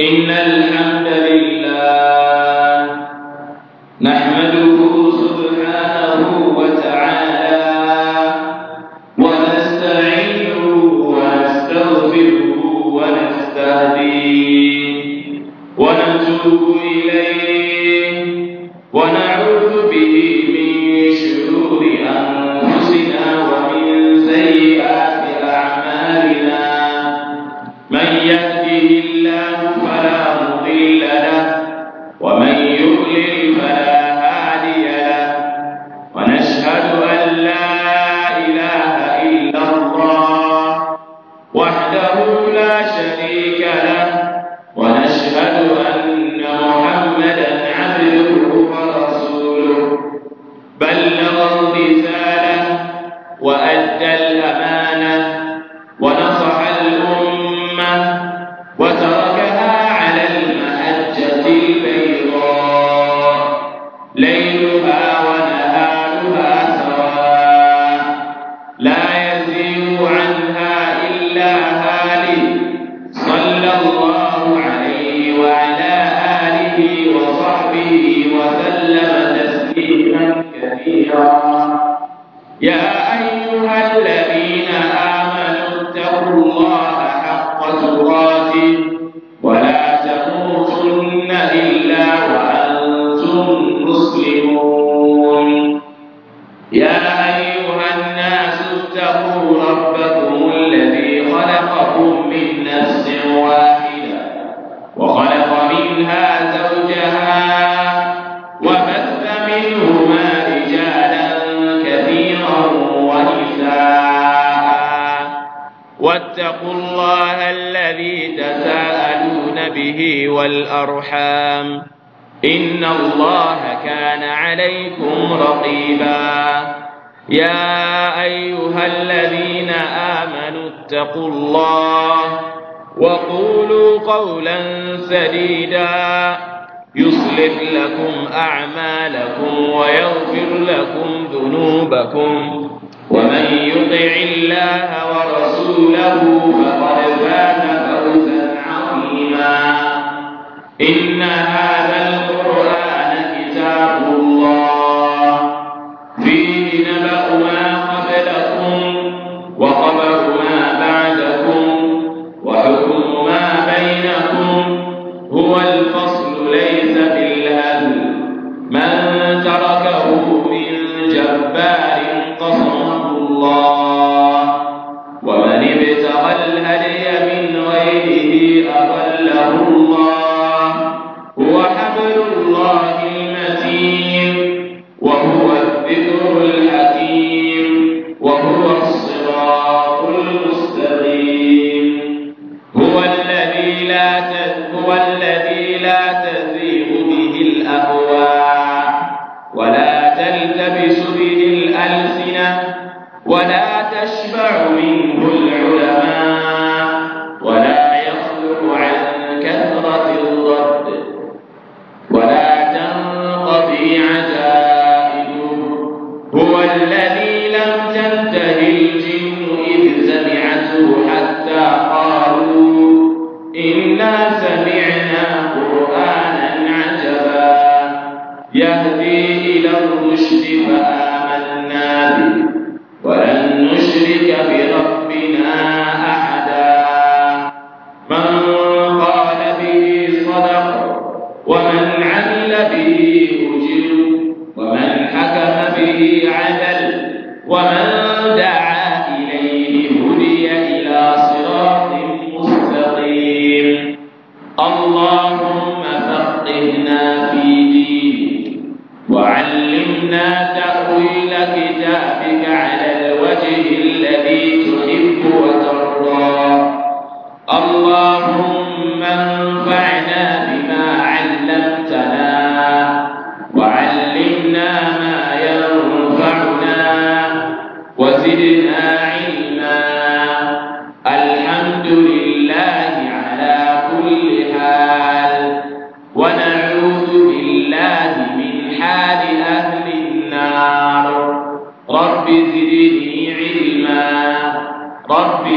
إن الحمد لله نحمد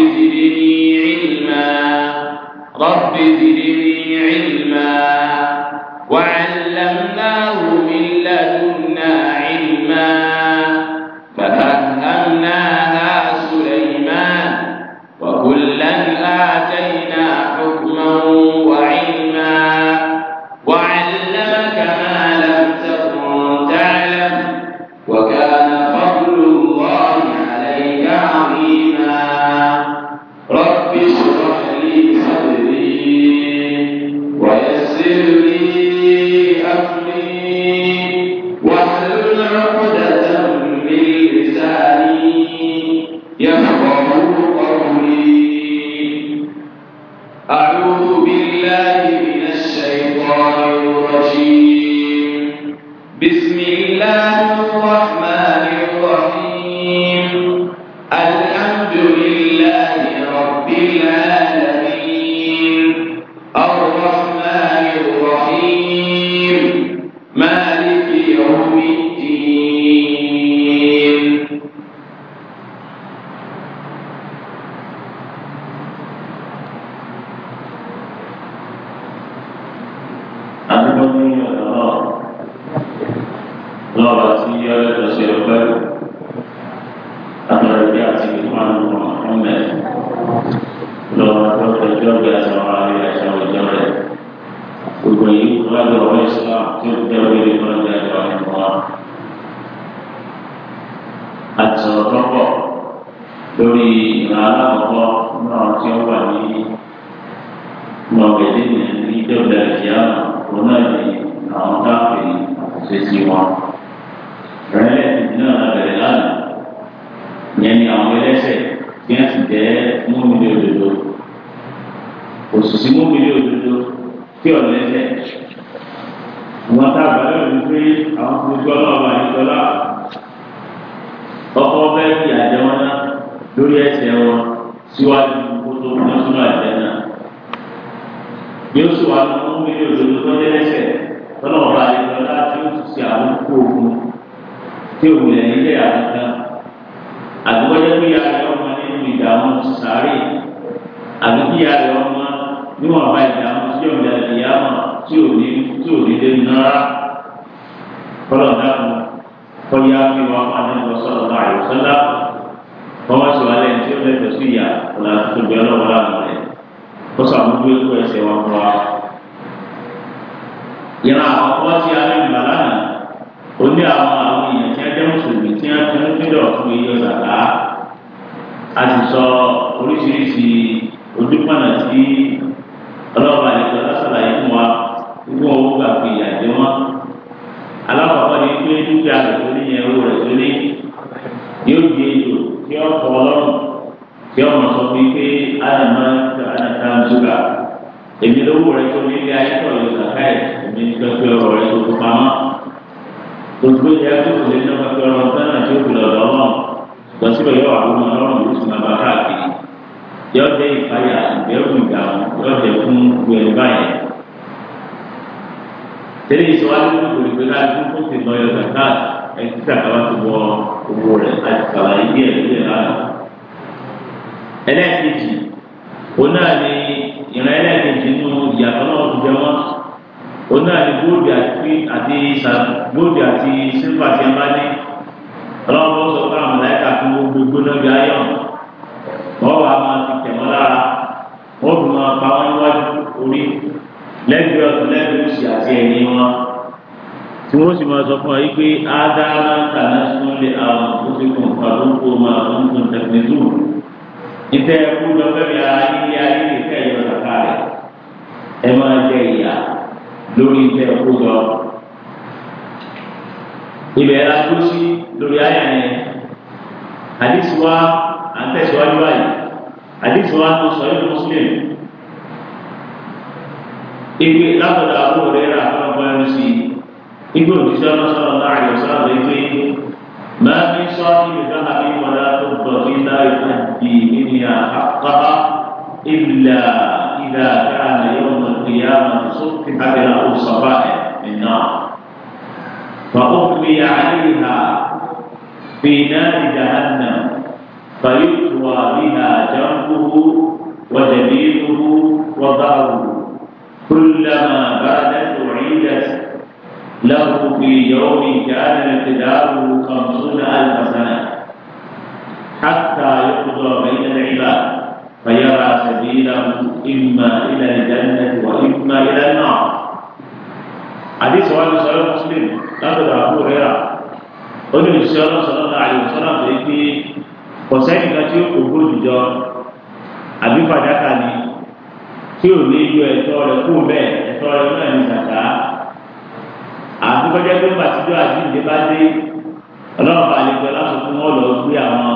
زدني علما رب زدني علما وعلمناه kí ìyá rẹ̀ ọmọ níwọ̀n bá ìdààmú tí òun dàbí ìyá mọ̀ tí ò ní tí ò ní lé náírà kọ́lọ̀ dáhùn kọ́yá fi wá fún anáwó sọ̀rọ̀ náà àyọ̀sọ́lá bọ́wọ́ sì wá lẹ́yìn tí ó lẹ́tọ̀ọ́ sí ìyá ọ̀la tó gbé ọlọ́wọ́ láàmú rẹ̀ ó sàmúgbó ikú ẹsẹ̀ wọn fún wa. ìran ọkọ tí a lè gbà lánàá ó ní àwọn àwọn èèyàn tí a jẹ́ mùsùlùmí tí a ti ń gbé dọ̀ fún iye ọ̀sàkà a ti sọ oríṣiríṣi ojúkọ̀nà tí ọlọ́ọ̀bà àlejò lásàlàyé fún wa wíwọ́n owó gbà pé ìyàjẹ́ wọn. alákọ̀ọ́kọ́ ni pé dúkìá rẹ̀ tó ní yẹn owó rẹ̀ tó ní yóò di èjò tí ó kọ́ ọlọ́run tí ó mọ̀ sọ pé pé àyàmá àyàká ṣúgà èmi lówó rẹ̀ tó ní ilé ayé tó lè kàkà ẹ̀ èmi ní pẹ́pẹ́ ọ̀rọ̀ rẹ̀ tó fún pamọ́. gbogbo ìyá tó kò lè ná pẹ́pẹ́ ọ̀rọ̀ sánà tí ó fi lọ́dọ̀ yọ jẹ ìpayà ìbẹ̀rù ìgbà yọ jẹ fún gbẹrẹ báyìí tẹ́lẹ̀ ìṣọwájú tó kò lè gbé láti fún tó ti lọ yọ kàkà ẹtí kàkàwá ti wọ owó rẹ̀ àti kàlàyé díẹ̀ díẹ̀ lánàá ẹlẹ́ẹ̀kejì òun náà ni ìran ẹlẹ́ẹ̀kejì nínú ìyàtọ̀ náà ti jẹ wọ́n òun náà ni góòdì àti àti góòdì àti sílvà ti ń bá ní ọlọ́wọ́ sọ fún àwọn ọ̀la ẹ̀ka fún gbogbo náà bí ayọ̀ tọ́wọ́ a máa ti tẹ̀wọ́n lára wọ́n fi máa pa wọ́n níwájú orí lẹ́gbẹ̀ẹ́ ọ̀tún lẹ́gbẹ̀ẹ́ òsì àti ẹ̀yìn wọn tí wọ́n sì máa sọ fún wa yìí pé ádámà tànásúnlé àwọn tó ti kún fàlóńkó máa ń tún tẹ̀kínìtù ìtẹ́ ẹ̀kú lọ́fẹ̀mí ara nílé ayé ìfẹ́ yọ kàkà rẹ̀ ẹ máa jẹ ìyà lórí ìtẹ́ ẹ̀kú lọ. ibẹ̀ la kú sí lórí ayà àdìsí wa. à ń tẹ̀síwájú báyìí àdìsí wa nù sọ̀rọ̀ ìlú mùsùlùmí. Ibi látọ̀dọ̀ àwọn ọ̀rẹ́ rà fún ọgbọ́n ẹni sí i. Ibi òjíṣẹ́ ọ̀nà sọ̀rọ̀ náà àyọ̀ sáàbẹ̀ ibi máa fi sọ ibi dáhà bí mọ̀lá tó gbọ̀ kí ńlá ìfàdí nínú àkàkọ́ ìlà ìlà káàmì yọ̀ọ̀mọ̀ kìyàmọ̀ sókè àbẹ̀rẹ̀ àwọn sọ̀bà ẹ̀ النار فأطلي عليها في نار جهنم فيطوى بها جنبه وجبينه وظهره كلما بادت أعيدت له في يوم كان مقداره خمسون ألف سنة حتى يقضى بين العباد فيرى سبيله إما إلى الجنة وإما إلى النار حديث سؤال سؤال مسلم لقد أبو هريرة قل صلى الله عليه وسلم kọ̀sẹ́yìn kan tí ó kò gbòdì jọ àbí fàdákà ni tí ò ní ju ẹ̀tọ́ rẹ̀ kú bẹ́ẹ̀ ẹ̀tọ́ rẹ̀ náà ní sàkà àti kọjá tó ń bàtíjọ́ àjíǹde bá dé ọlọ́run bá lè jọ láti fún wọn lọ gbé àwọn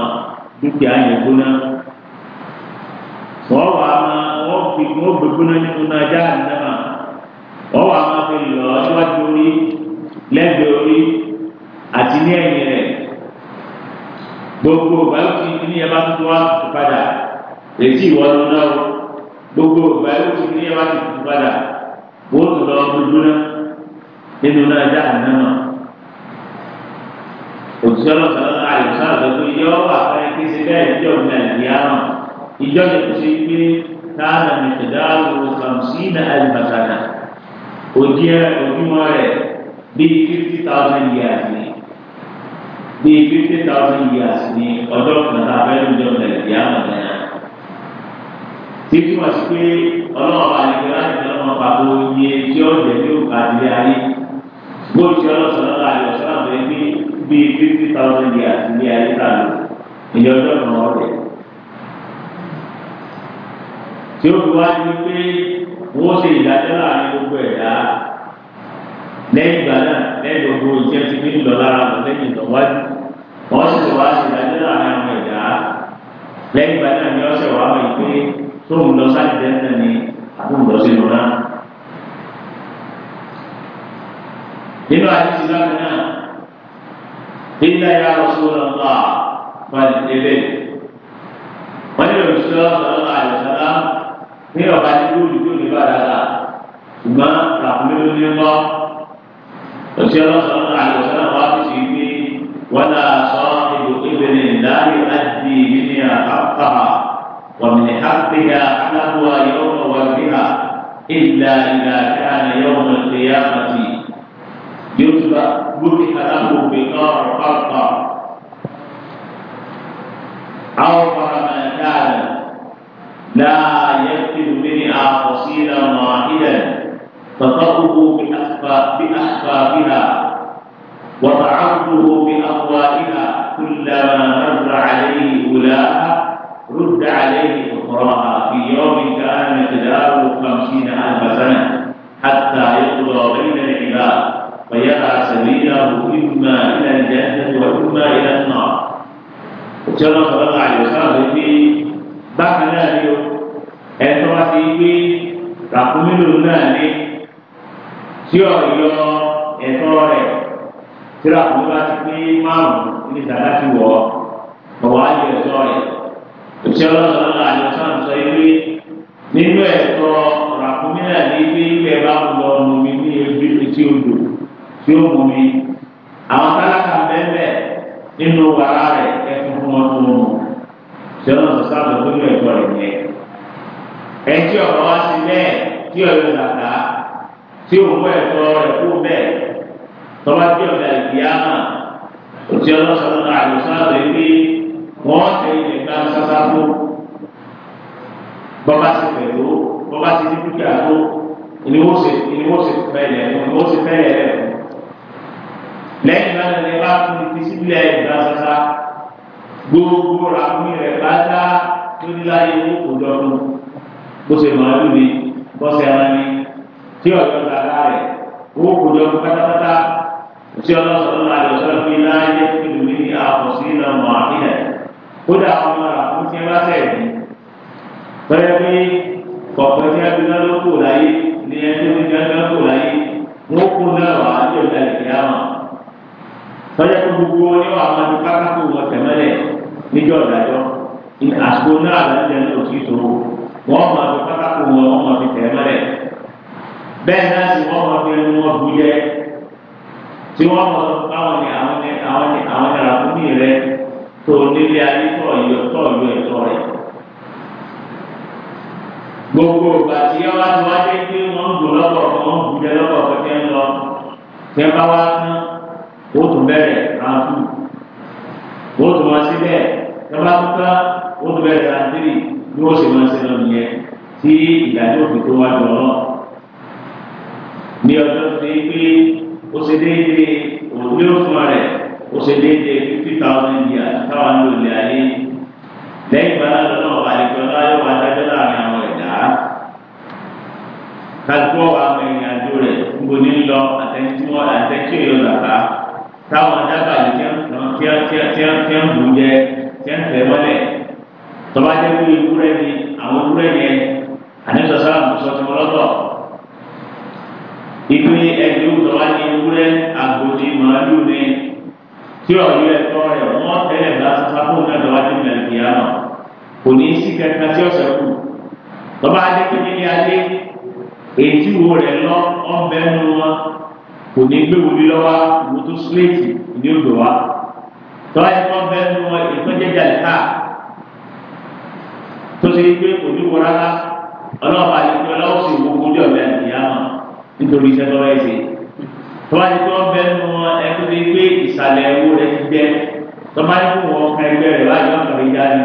dúkìá yẹn gbóná wọ́n wà á máa wọ́n gbé gbóná nínú náà jáde náà wọ́n wà á máa fi lọ síwájú orí lẹ́gbẹ̀ẹ́ orí àti ní ẹ̀yìn rẹ̀ gbogbo báyọ̀tì ní ẹ bá tuntun wá tuntun padà ètí ìwọ ló ná o gbogbo báyọ̀tì ní ẹ bá tuntun padà wọ́n tún lọ dúdú náà nínú náà dá àná náà òṣìṣẹ́ ọlọ́sàn náà àyùsá àgbẹ̀kọ́ ilé ọwọ́ àfẹ́rẹ́ kí ṣe bẹ́ẹ̀ ní ọ̀gbìn nàìjíríà náà ìjọ yẹn kò ṣe pé táàlà ní ìdáàbò kàmsínà àlùbàtàdà òjì ẹ òjúmọ́ rẹ̀ bíi fifty thousand years ni bí fifty thousand years ní ọjọ́ kẹta abẹ́rẹ́ ìjọba ìyá àmàlẹ́yà títí wọ́n ti pé ọlọ́wọ́ àyẹ̀wò láti ọlọ́wọ́ pàtó iye tí ó jẹ́ ní òkàdé ayé bó ti ọlọ́sọ̀rọ̀ láàyè ọ̀sán àbẹ̀ ní bíi fifty thousand years ní ayé tà lọ ìyẹn ọjọ́ kan ọ̀rẹ́ tí ó fi wá sí pé wọ́n ṣe ìdájọ́ láàrin gbogbo ẹ̀dá lẹ́yìn ìgbà náà lẹ́yìn gbogbo ìjẹ́ ti gbé jùlọ lára lọ lẹ́yìn ìdọ̀wájú wọ́n sì ti wá sí ìdájọ́ láàrin àwọn ẹ̀dá lẹ́yìn ìgbà náà ni ọ̀sẹ̀ wàá wọ̀ pé tóun lọ sáà jẹ́ náà ni àbúrò lọ sínú náà. nínú àdìsí láti náà ilé ya Rasulullah pàdé délé wọ́n ní òṣìṣẹ́ ọ̀sán àyọ̀sán ní ọ̀bá tí kúrò ní kúrò ní ṣùgbọ́n làkúnmí ló ní òtí ọlọ́sọ̀rọ̀ náà àlùsọ̀rọ̀ wá ti sì gbé wọ́lá sọ ìbùkúbìnrin láàyò láti ìbíní àkàkà wàmìnì hàpéyà aláwọ̀ yọ̀wọ̀ wàbíhà ìlà ìlà káàna yọ̀wọ̀ tìyàmàtì yóò tún bá gbókè aláwọ̀ bìkọ́ ọ̀pọ̀lọpọ̀ àwọn faramẹ̀ káàdà láàyè tìbùkúbìnrin àkọsílẹ̀ mọ̀ ilẹ̀ tọ́tọ́ gbogbo بأحبابها وطعمته بأقوالها كلما مر عليه أولاها رد عليه أخراها في يوم كان مقداره خمسين ألف سنة حتى يقضى بين العباد ويرى سبيله إما إلى الجنة وإما إلى النار وكما صلى الله عليه وسلم في بحنا اليوم أنت رأسي في رقم النار tí ò yọ ẹ̀tọ́ rẹ̀ tíra kò bá ti pé márùn-ún ní sàdá ti wọ̀ ọ́ ọ̀wá yọ ẹ̀tọ́ rẹ̀ òṣìṣẹ́ ọlọ́run náà àjọ sáà sọ ewé nínú ẹ̀tọ́ ràkúnmíà ní ilé ilé bá ń lọ ọmọ mi ní ebi etí odò tí ó mú mi àwọn tálákà bẹ́ẹ̀ nínú wàrà rẹ̀ ẹ̀fún fún wọn tó mú òṣìṣẹ́ ọlọ́run sáà sọ pé ẹ̀tọ́ rẹ̀ yẹn ẹ̀tí ọ̀rọ̀ wá sí bẹ́ẹ̀ tí ọ̀rẹ́ làkàá tí òun wẹ̀ tọ́ rẹ̀ kú bẹ́ẹ̀ tọ́wá tí ọ̀gá ìyáàmà òtí ọlọ́sọ̀rọ̀ náà àlùfáà rẹ̀ pé wọ́n ṣe ilẹ̀ gbá sásá tó bọ́bá sì pẹ̀lú bọ́bá sì ní dúkìá tó ìníwó sì ìníwó sì fẹ́lẹ̀ ìníwó sì fẹ́lẹ̀ rẹ̀ lẹ́yìn náà lẹ́yìn bá tún ti sílẹ̀ gbá sásá gbogbo ràmí rẹ̀ bá dá lórí láyé owó kò lọ́nu bó ṣe màálù ni bọ́sẹ̀ ara ni tí ọjọ́ dada rẹ̀ owó kojọ pátápátá tí ọlọ́sọ̀rọ̀ náà yọ sọ́dọ̀ pé láyé pẹ̀lú mi ní àkọsí náà mọ̀ àbílẹ̀ kódà àwọn ọmọ rà fún tiẹ́ bá tẹ̀lé tọ́jà pé kọ̀ọ̀kan tí a bí náà ló kò láyé ní ẹni tó ti dáná kò láyé wọ́n kó náà wà á yọ̀ dálẹ̀ kí á mọ̀ tọ́jà pé gbogbo oníwà àwọn ti pátákó wọn tẹ̀mẹ́lẹ̀ níjọ́ ìdájọ́ àsìkò náà lẹ́yìn lọ́sí ìṣòro wọ́n máa fi pátákó wọn wọ́n máa fi tẹ̀mẹ́lẹ̀ bẹ́ẹ̀ náà sì wọ́n mọ̀ pé wọ́n bu yẹ tí wọ́n mọ̀ báwọn ni àwọn ni àwọn ni àwọn ni àkúnmí rẹ tó nílé ayé tọ̀ yọ tọ̀ yọ ẹ̀tọ́ rẹ̀. gbogbo bàtí yẹ wá tí wọ́n dé pé wọ́n ń gbò lọ́wọ́ wọ́n ń bu yẹ lọ́wọ́ kọ́kẹ́ ń lọ tẹ́ bá wá tán ó tún bẹ̀rẹ̀ ráńtù ó tún wá síbẹ̀ tẹ́ bá tún tán ó tún bẹ̀rẹ̀ ráńtìrì bí wọ́n ṣe máa ń ṣe lọ nìyẹn tí ìdájọ́ òfin tó wá jọ náà ní ọjọ́ ṣe é pé ó ṣe déédéé òní òfin rẹ̀ ó ṣe déédéé fifty thousand years táwọn ní olè ayé lẹ́yìn ìgbà náà lọ́nà ọ̀gá àlejò láyé wà dájọ́ láàrin àwọn ẹ̀dá kálukú ọ̀gá àwọn ènìyàn àjò rẹ̀ ń bo ní lọ àtẹ̀tí wọn àtẹ̀tí òyò làbá táwọn dábàá ní tíátíátíá ń bù jẹ tíátẹ̀ mọ́lẹ̀ tọ́ba jẹ́ pé ewúrẹ́ ni àwọn ewúrẹ́ yẹn àdéhùn sọ́sọ́ àmúṣọ́ tí wọ́n lọ́tọ̀ ìpè ẹ̀dùn tó wá ní ewúrẹ́ àgòdì màálù ni tí ọ̀rọ̀ ẹ̀tọ́ rẹ̀ wọ́n tẹ́lẹ̀ bá sáfún náà lọ́wọ́ ní nàìjíríà náà kò ní í sí kẹta tí ọ̀sẹ̀ kù lọ́ba adékèké ní adé ètí wo rẹ̀ lọ ọ̀bẹ nu wọn kò ní gbé wòlí lọ́wọ́ wo tó síléètì ní odò wa tọ́ ẹ̀ kọ́ bẹ́ nu wọn ìtọ́jẹ́jà lẹ́ka tó ṣe gbé kò ní rárá ọlọ́ọ̀bà àti ọlọ́ọ̀sìn gbogbo nítorí iṣẹ́ tọ́lá ẹ̀sìn tọ́lá ti tọ́ bẹ́ẹ̀ mọ ẹni tó gbé ìsàlẹ̀ owó rẹ ti gbẹ tọ́lá ti kó wọn kan ẹgbẹ́ rẹ láti wọn kàwé já ni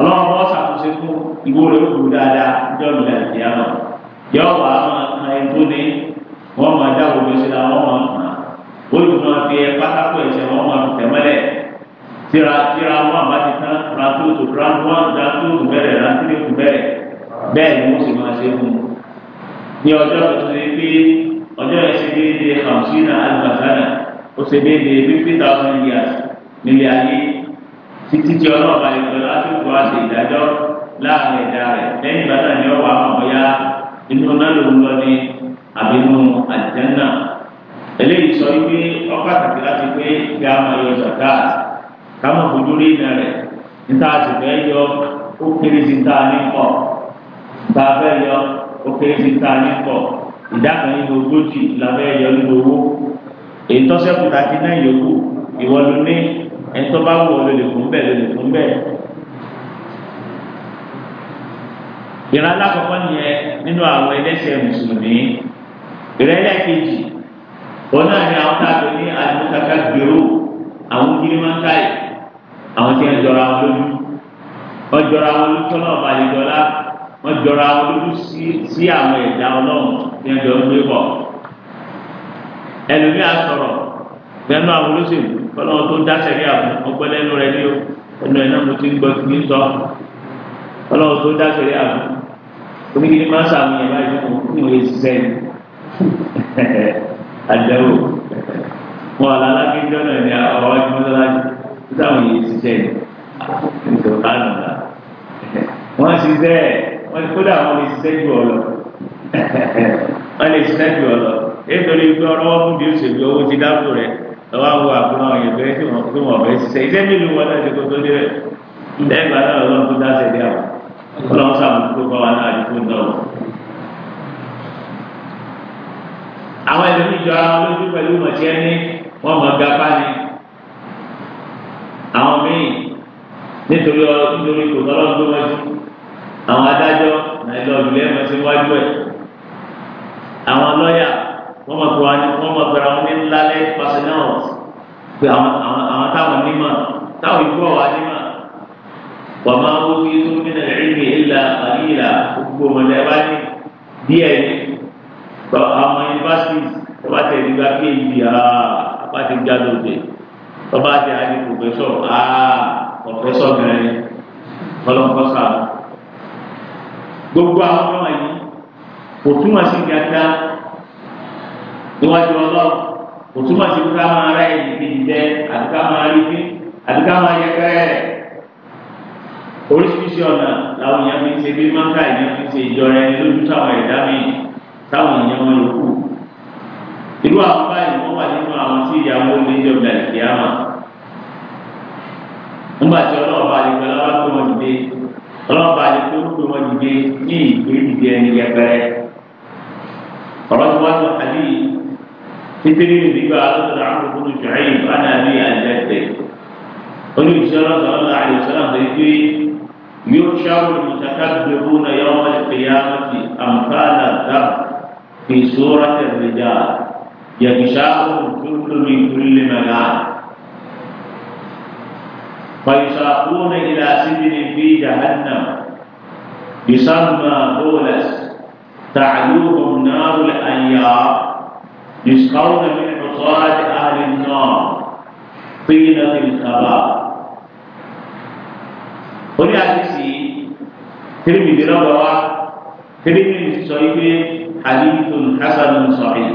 ọlọ́run bọ́ ṣàkóso fún ìwó rẹ kù dáadáa níjọ́ ìlà ìdíyà lọ yọ wà á máa kan ẹni tó ní wọ́n máa dá òwe sí la wọ́n máa kàn olùmọ̀ fi ẹ pátákó ẹ̀sẹ̀ wọ́n máa tẹ̀mọ́lẹ̀ tíra tíra wọn àbá ti tán ra tó tó ra wọn ra tó tó bẹ̀rẹ̀ ní ọjọ́ tó ṣe pé ọjọ́ yẹn ṣe déédéé hamsina alifasana ó ṣe déédéé fifty thousand years nílé ayé títí tí ọlọ́ọ̀bá ìjọ lásìkò àti ìdájọ́ láàrin ẹ̀dá rẹ̀ lẹ́yìn ìgbà ni ọwọ́ àwọn ọ̀yá inú náà ló ń lọ ní àbínú àjẹ́nà eléyìí sọ wípé ọkọ̀ àtàkì láti pé kí a máa yọ ṣàkà ká mọ̀ fojú rí iná rẹ̀ níta àti fẹ́ yọ ó kéré sí ta ní pọ̀ ta fẹ́ yọ ó kéré sí ta ní pọ̀ ìdá kan nínú ogójì làbẹ́ ẹ̀yọ nínú owó èyí tọ́sẹ̀kù tàbí náà yòókù ìwọ ló ní ẹni tó bá wù ọ lè lè fún bẹ́ẹ̀ lè lè fún bẹ́ẹ̀. ìran alákọ̀ọ́kọ́ nìyẹn nínú àwọn ẹlẹ́sẹ̀ mùsùlùmí ìrẹ́lẹ̀ kejì wọn náà ní àwọn táàbù ní àdúgbòkàkà gbèrò àwọn kirimankai àwọn tí wọn jọra wọn lójú wọn jọra wọn lójú tọ́lá ọba àlejò ọlá wọ́n jọra olójú sí àwọn ẹ̀dá ọlọ́run tí wọ́n jọ ń gbé bọ̀ ẹlòmíà sọ̀rọ̀ lẹ́nu àwọn olóṣèlú kọ́lọ́wọ́ tó ń dáṣẹ́ rí àwọn ọgbẹ́ lẹ́nu rẹ ní o ẹnu ẹ̀ náà mo ti ń gbọ́ ti ń sọ kọ́lọ́wọ́ tó ń dáṣẹ́ rí àwọn oníkìní máa ń sàmì ẹ̀ báyìí fún un ní òye ṣiṣẹ́ ni àdéhùn wọn àlá alágbèjọ́ náà ní àwọn ọjọ́ mọ́tàlájì nígbà wọn yìí ṣiṣẹ́ ni nítorí wọn á nù wọn ṣiṣẹ́ ẹ̀ wọ́n kódà wọ́n lè ṣiṣẹ́ ju ọ̀lọ́ wọ́n lè ṣiṣẹ́ ju ọ̀lọ́ nítorí pé ọlọ́wọ́ fún bí òṣèlú owó ti dáàbò rẹ̀ lọ́wọ́ àwọn àbúrò àwọn èèyàn bẹ́ẹ̀ tí wọ́n fi wọ́n bẹ́ẹ̀ ṣiṣẹ́ iṣẹ́ mélòó wọn náà ṣe kó tó dé rẹ̀ lẹ́gbà náà lọ́wọ́ tó dáṣẹ́ dé àwọn ọlọ́wọ́ sàmùkú bá wa náà àdúgbò náà. àwọn ẹlòmíì jọ ara wọn lójú pẹ̀lú mọ̀tí ẹni wọ́n mọ̀ ga báni àwọn míì nítorí ọ àwọn adájọ́ nàìlọ́ọ̀lù lẹ́mọ̀ sí wájú ẹ̀ àwọn lọ́yà wọ́n mọ̀ pé wọ́n mọ̀ pé àwọn ní ńlá lẹ́ pàṣẹnáwọ̀t pé àwọn táwọn nímọ̀ táwọn ìgbọ́ wa nímọ̀ wọ́n máa ń wọ́n tún nínú ìrìnnì ìlà àríyìnlá gbogbo ọmọdé bá ní díẹ̀ ní àwọn yunifásitì tó bá tẹ̀ nígbà phd bá ti já lóde tó bá tẹ̀ á ní pòfẹ́sọ̀ á pòfẹ́sọ̀ gẹ̀rẹ́ ọlọ́kọ́sà gbogbo àwọn ọmọ yìí kò túmọ̀ sí gàdá níwájú ọlọ́run kò túmọ̀ sí ká máa rẹ ìdíkejì jẹ àti ká máa rí bí àti ká máa yẹ kẹrẹ oríṣiríṣi ọ̀nà làwọn èèyàn fi ń ṣe bí mọ́ńkà èèyàn fi ń ṣe ìjọra ẹni lójú táwọn ẹ̀dá mi táwọn èèyàn wọn yòókù irú àwọn báyìí wọ́n wà nínú àwọn tí ìyàwó lè jọ gbàlè kíámà nígbà tí ọlọ́run bá lè gbọ́ lọ́wọ́ tó wọn dìde ọlọ́ọ̀bá yìí tó rúkú wọn dìde ní ìgbé dìde ẹni yẹpẹrẹ ọ̀rọ̀ tí wọ́n sọ àbí títí nígbà lọ́sọ̀rọ̀ àwọn olùkọ́ ṣùgbọ́n yìí bá náà ní àjẹsẹ̀ olùṣẹ́ ọlọ́sọ̀rọ̀ ọlọ́sọ̀rọ̀ àdìsọ́nà tó yẹ yóò ṣàwọn olùtàkàgbèrú náà yọ wọn lè fẹ̀yà mọ́tì àǹfààní àgbà fi sóra tẹ̀lé jà yàtìṣàwọn olùkọ́ فيساقون إلى سجن في جهنم يسمى دولس تعلوهم نار الأيام يسقون من عصاة أهل النار طيلة الخباء قل يا سيسي ترمي بروا ترمي بسيب حديث حسن صحيح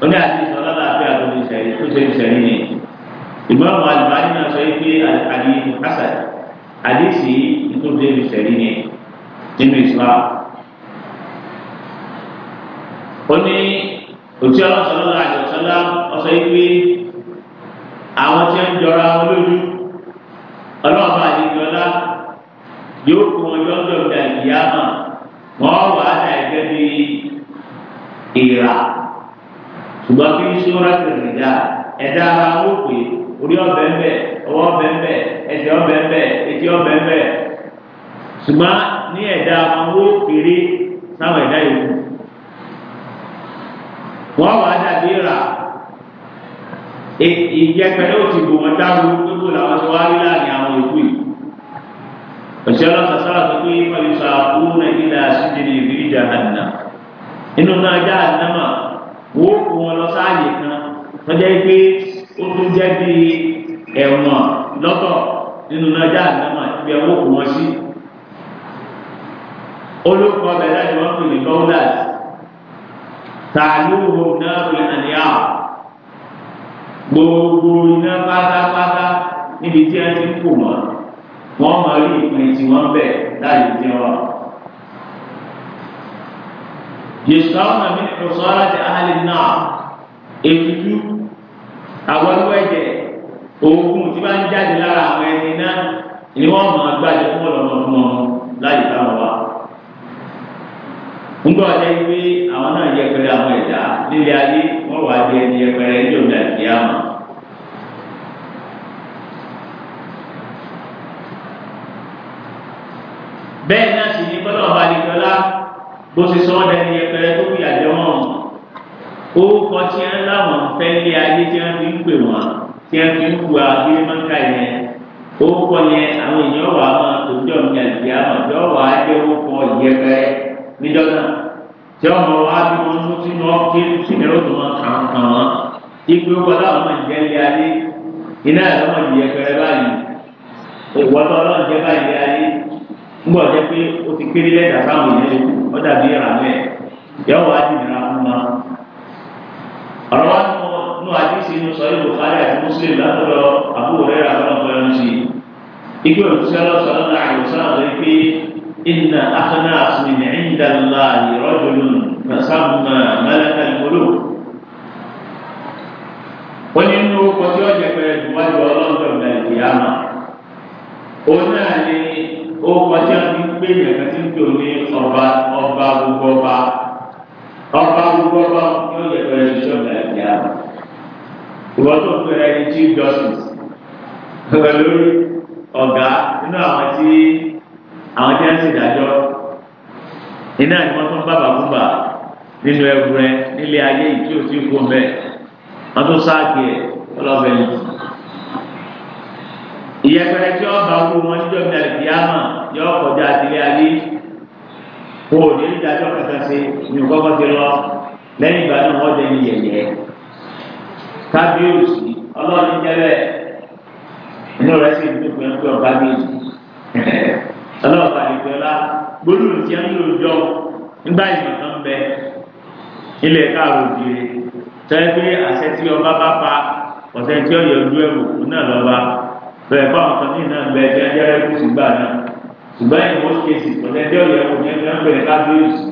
قل يا سيسي صلى الله عليه وسلم قل يا سيسي إمام الباني صحيح الحديث hasan àdìsí nítorí ẹbí sẹ̀rí ni nínú islam ó ní òtí ọlọ́sọ̀rọ̀ àjọṣọ́lá ọ̀sẹ̀ ìgbé àwọn tí ń jọra wọn lójú ọlọ́ọ̀bá àdìgbọ́lá yóò kó wọn yọ ọjọ́ ìgbà ìyáàmà wọn wà á dà ẹgbẹ́ bí ìrà ṣùgbọ́n kí n ṣe wọ́n rà tẹ̀lé dá ẹ̀dá ara wọn orí ọbẹ̀ ń bẹ̀ ọwọ́ ọbẹ̀ ń bẹ̀ ẹsẹ̀ ọbẹ̀ ń bẹ̀ etí ọbẹ̀ ń bẹ̀ ṣùgbọ́n ní ẹ̀dá owó kéré sáwọn ẹ̀dá yòókù wọ́n wàá dàbí rà e, ìyẹpẹrẹ ò ti bò wọ́n dáhùn gbogbo làwọn tó wá rí láàrin àwọn òkú yìí òṣèlú ọ̀sán sábà tó pé pàlùsà àbúrò náà ìlà sídìrì ìrírí jahannam inú náà jahannama wọ́n kó wọn lọ sáàyè kan wọ́n jẹ́ pé ó tún jẹ́ bí ẹ̀wọ̀n lọ́tọ̀ nínú nájà àdámà ibi ẹ̀wọ̀n kò wọ́n sí. olóko ọbẹ̀ láti wọ́n pè ní gọ́ọ̀dàt tàlúhùn náà fi hàn yá gbogbo iná pátápátá níbi tí a ti kù mọ́ wọ́n máa rí ìpín tí wọ́n bẹ̀ láyé tí wọ́n. يشترون من حصارة أهل النار إفجوا àwọn ìwé ẹ̀jẹ̀ oògùn tí wọ́n ń jáde lára àwọn ẹni náà ni wọ́n máa gbàdé fún ọ̀lọ́mọ fún wọn láyé táwọn wà. ńgbọ́ ọ̀dẹ́ wí àwọn náà yẹ pẹ̀lú àwọn ẹ̀dá nílé ayé wọ́n wà á di ẹni yẹ pẹ̀lú ẹni òun àti àmọ́. bẹ́ẹ̀ náà sì ni bọ́lá ọba àdìgbọ́lá bó ṣe sọ ọ́ dẹni yẹ pẹ̀lú tó kú ìyàjẹ́ wọn. o tí wọ́n láwọn fẹ́lẹ́ ayé tí wọ́n fi ń pè wọ́n tí wọ́n fi ń hu abílẹ̀ mọ́ká yẹn orúkọ yẹn àwọn èèyàn wà á máa tó jọ ní tí wà á náà tí wá bí mú sínú sínú wọn láwọn máa ayé ọ̀rọ̀ wa nù àdìsí nù sọ yóò kárí àti mùsùlùmí látọ̀dọ̀ àbúrò rẹ̀ àbúrò ọ̀pọ̀ ẹ̀rọ sí i. ike òtútù ọlọ́sọ̀rọ̀ náà àyọ̀sán àlọ́ pé iná akọ́nà àsìnì ìdàlá ìrọ́jòlù nàṣàmùnà mẹ́lẹ́kà ìmọ̀lò. wọ́n ní inú kọjú ọ̀jẹ̀ pẹ̀lú ìwádìí ọlọ́dọ̀ ọ̀nà ìyá ọba gbọ́dọ̀ yóò yẹ pẹ̀lú ṣíṣọ́ nàìjíríà ìwọ tó fẹ́ ẹni chief justice pẹ̀lú ọ̀gá nínú àwọn tí àwọn tí wọ́n ti dájọ́ iná ni wọ́n tún bàbà fún bà nínú ẹrù rẹ nílé ayé yìí tí o ti kó mbẹ wọ́n tún sáàkì ẹ̀ ọlọ́bẹ̀ yìí. ìyẹ́pẹ̀rẹ̀ tí ọba wú wọn níjọ́ mi àlè kìí àmà yọ ọkọ̀ já àtìlẹ́ ayé yìí. wọn ò ní í dájọ́ kankan sí ní kọ́kọ́ ti lọ lẹ́yìn ìgbà náà wọ́n jẹ́ ní yẹ̀yẹ́ kábíyèsí ọlọ́run jẹ́lẹ̀ inú rẹ̀ sì ní pé ń pè ọ́ kábíyèsí ọlọ́ọ̀bà ìgbẹ́lá gbólóhùn ń lò jọ nígbà ń bẹ káàró ọba bá pa ọ̀sẹ̀ tí ojú náà lọ́ba bẹ̀rẹ̀ fún àwọn kan ṣùgbọ́n ìwọ kéésì pẹ̀lẹ́dẹ́ ọ̀yẹ̀wò ní ẹgbẹ́ ńpẹ̀lẹ́ kábíyèsí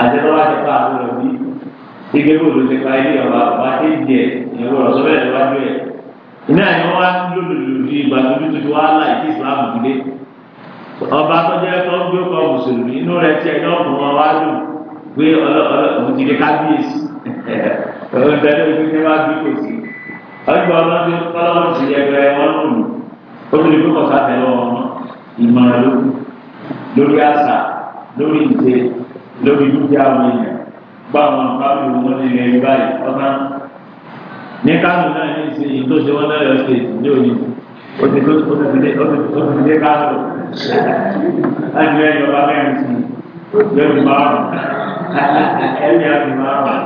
àtẹnudọ́wà ti pa àbúrò bí gbígbé bòlù ti pa ilé ọba ọba tí ń jẹ ìwọ ọ̀sọ́ bẹ́ẹ̀ lọ́wọ́ bẹ́ẹ̀. iná ni wọ́n wá lòlòlò ní ìgbà tóbi tó ti wá láì tí ìsìlámù gbé. ọba tọ́jú ẹ̀kọ́ ń gbé ọkọ̀ mùsùlùmí inú rẹ̀ tiẹ̀ ní ọ̀pọ̀ wọn wá lò pé ọlọ́ọ̀ọ́ ti di kábíyèsí. ọ̀rọ̀ ìdájọ́ ìgbé wá bí kò sí. ọjọ́ ọlọ́dún kọ́lọ́ọ̀ ìmọ̀ràn lórí lórí àṣà lórí ìṣe lórí dúkìá àwọn èèyàn gbọ́ àwọn àpapọ̀ ìwọ̀n ní ilẹ̀ yorùbá yìí ọ̀tá ní kánò náà ní ìṣe yìí tó ṣe wọ́n náà yọ ṣe ìṣe òní o ti tó o ti dé o ti dé kánò láti rẹ yorùbá mẹ́rin sí lórí márùn ẹ̀mí àti márùn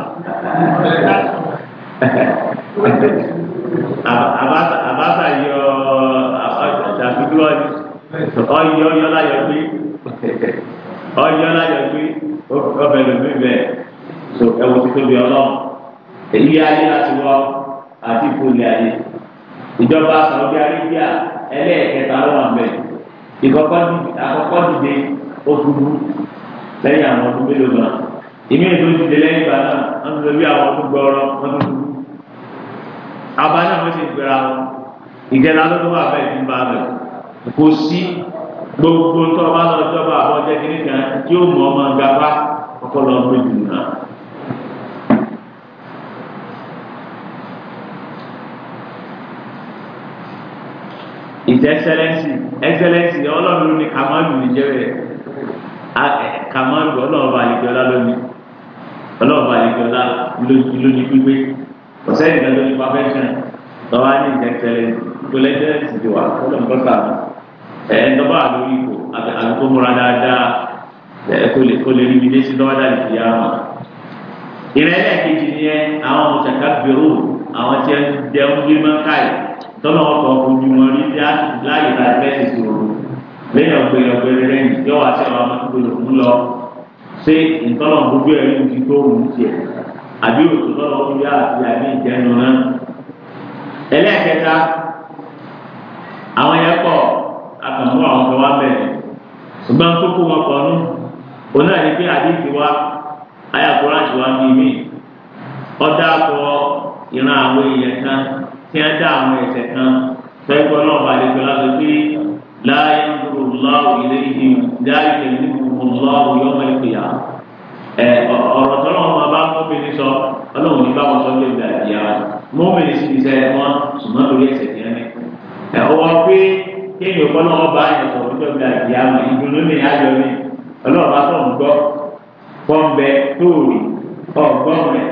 àbáta yọ àbáta tàbí dúró ní ọyọ ọyọ láyọ gbé ọyọ láyọ gbé ọbẹ lómi bẹ so ẹwọ tó tóbi Ọlọ́run èyí ayé láti wọ àti ìfowópamọ́ ayé ìjọba Saudi Arabia ẹlẹ́ẹ̀kẹta ló wà mẹ àkọ́kọ́ dìde òkúdu lẹ́yìn àwọn ọdún mélòó náà ìmí ètò dìde lẹ́yìn ìgbà náà wọn ti lè rí àwọn ọdún gbọrọ wọn tó dúró abáyé àwọn ti gbéra wọn ìjẹlá ló ló wà bẹ́ẹ̀ ti ń bá bẹ́ẹ̀. kò sí gbogbo tó o bá lọ jọba àbọ̀ jẹ́ kí nìkan tí ó mọ̀ ọmọ gbapá ọpọlọ ọgbẹ́ jù náà. ìtẹ ẹsẹlẹsì ẹsẹlẹsì Ọlọ́run ní kamalu nìjẹrẹ kamalu Ọlọ́run bá yìí jọlá lónìí Ọlọ́run bá yìí jọlá lónìí pípé lọ́wọ́ ní ti wà Ọlọ́run bá ẹ ẹ dọ́gba lórí ipò àgùkò múra dáadáa ẹ kò lè kò lè rí mi dé sí dọ́gba dàbí ìyá mà. ìrẹ́lẹ̀ kejì ni ẹ àwọn mùsàkà bẹ̀rù àwọn tí ẹ dẹ̀hún gbé mọ́ káyì tọ́lọ́ ọkọ̀ ojú wọn rí láàyè láti bẹ́ẹ̀ sì sòrò lẹ́yìn ọ̀gbẹ́ ọ̀gbẹ́ lẹ́yìn yọ wá sí àwọn ọmọdé òun lọ ṣé ìtọ́lọ̀ gbogbo ẹ̀rí ti tó òun tiẹ̀ àbí òtún tọ́lọ̀ ó yá àti àbí ìjẹun náà ẹlẹ́ẹ̀kẹta àwọn yẹn pọ̀ àtàmú àwọn kan wá bẹ̀rẹ̀ ṣùgbọ́n kókó wọn kọ́ ní òun náà ní pé àdéhùn wa ayàkúrò àti wa ní ìmí ọ̀dà kọ ìran àwọn èèyàn kan tí wọ́n dá àwọn ẹ̀sẹ̀ kan fẹ́ẹ́kọ́ náà wà lè gbọ́dọ̀ sọ pé láàyè ń dúró lọ́wọ́ ilé ìdí dáì tẹ̀lé ìdúró lọ́wọ́ yọ́mọ ìpìyà ọ̀rọ̀ tọ́lọ́ wọn bá mọ́bìnrin sọ ọlọ́run ní báwọn sọ lè gbà ìyá mọ́bìnrin sì ti sẹ́ wọn ṣùgbọ́n torí ẹ̀sẹ̀ kìíní. ọ̀wọ́ pé kéèyàn kọ́ náà ọba àyàn sọ̀rọ̀ níjọ́ bí àti àmọ̀ ìdùnnú ní àjọ ní ọlọ́ọ̀bá tó ń gbọ́ pọ́ńbẹ tóòrì ọ̀gbọ́nrẹ̀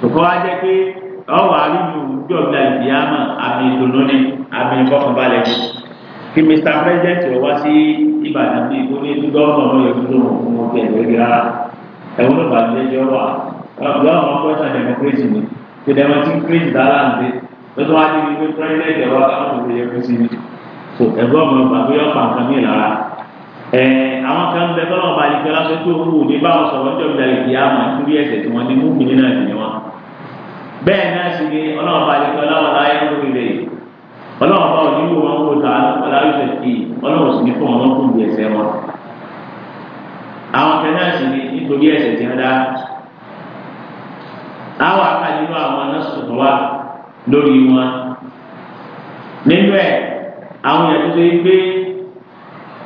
ṣùkọ́ á jẹ́ pé ọwọ́ àríyù níjọ́ bí àti Mr President ọ̀ wá sí Ìbàdàn bí ó ní gọ́ọ̀nà ọ̀rọ̀ yẹn tó ń mú gara ìgbéga ẹ̀wọ́n ló bàbá lẹ́jọ́ wà ọ̀gbọ́n wá so ẹ̀rú ọmọ ọgbà bí yọ pa nǹkan mìíràn rà ẹ àwọn kan bẹ tọ́lọ́ ọba àdìgbẹ́ lọ́sọ tó wù ní báwọn sọ̀rọ̀ ọjọ́ ìgbà ìdí àmọ́ ìkúrí ẹ̀sẹ̀ tí wọ́n ní múmi nínú ẹ̀sìn ni wọ́n bẹ́ẹ̀ náà sì ni ọlọ́ọ̀ba àdìgbẹ́ ọlọ́wọ́ láyé ń lórí rẹ̀ ọlọ́ọ̀ba òní wò wọn kó ta ọláyọ̀sẹ̀ kì í ọlọ́wọ́ sì ní fún wọn kó bí ẹ̀sẹ̀ wọn. àwọn kan náà sì ni nítorí ẹ̀sẹ̀ tí wọ́n dá àwọn èèyàn tó ṣe é gbé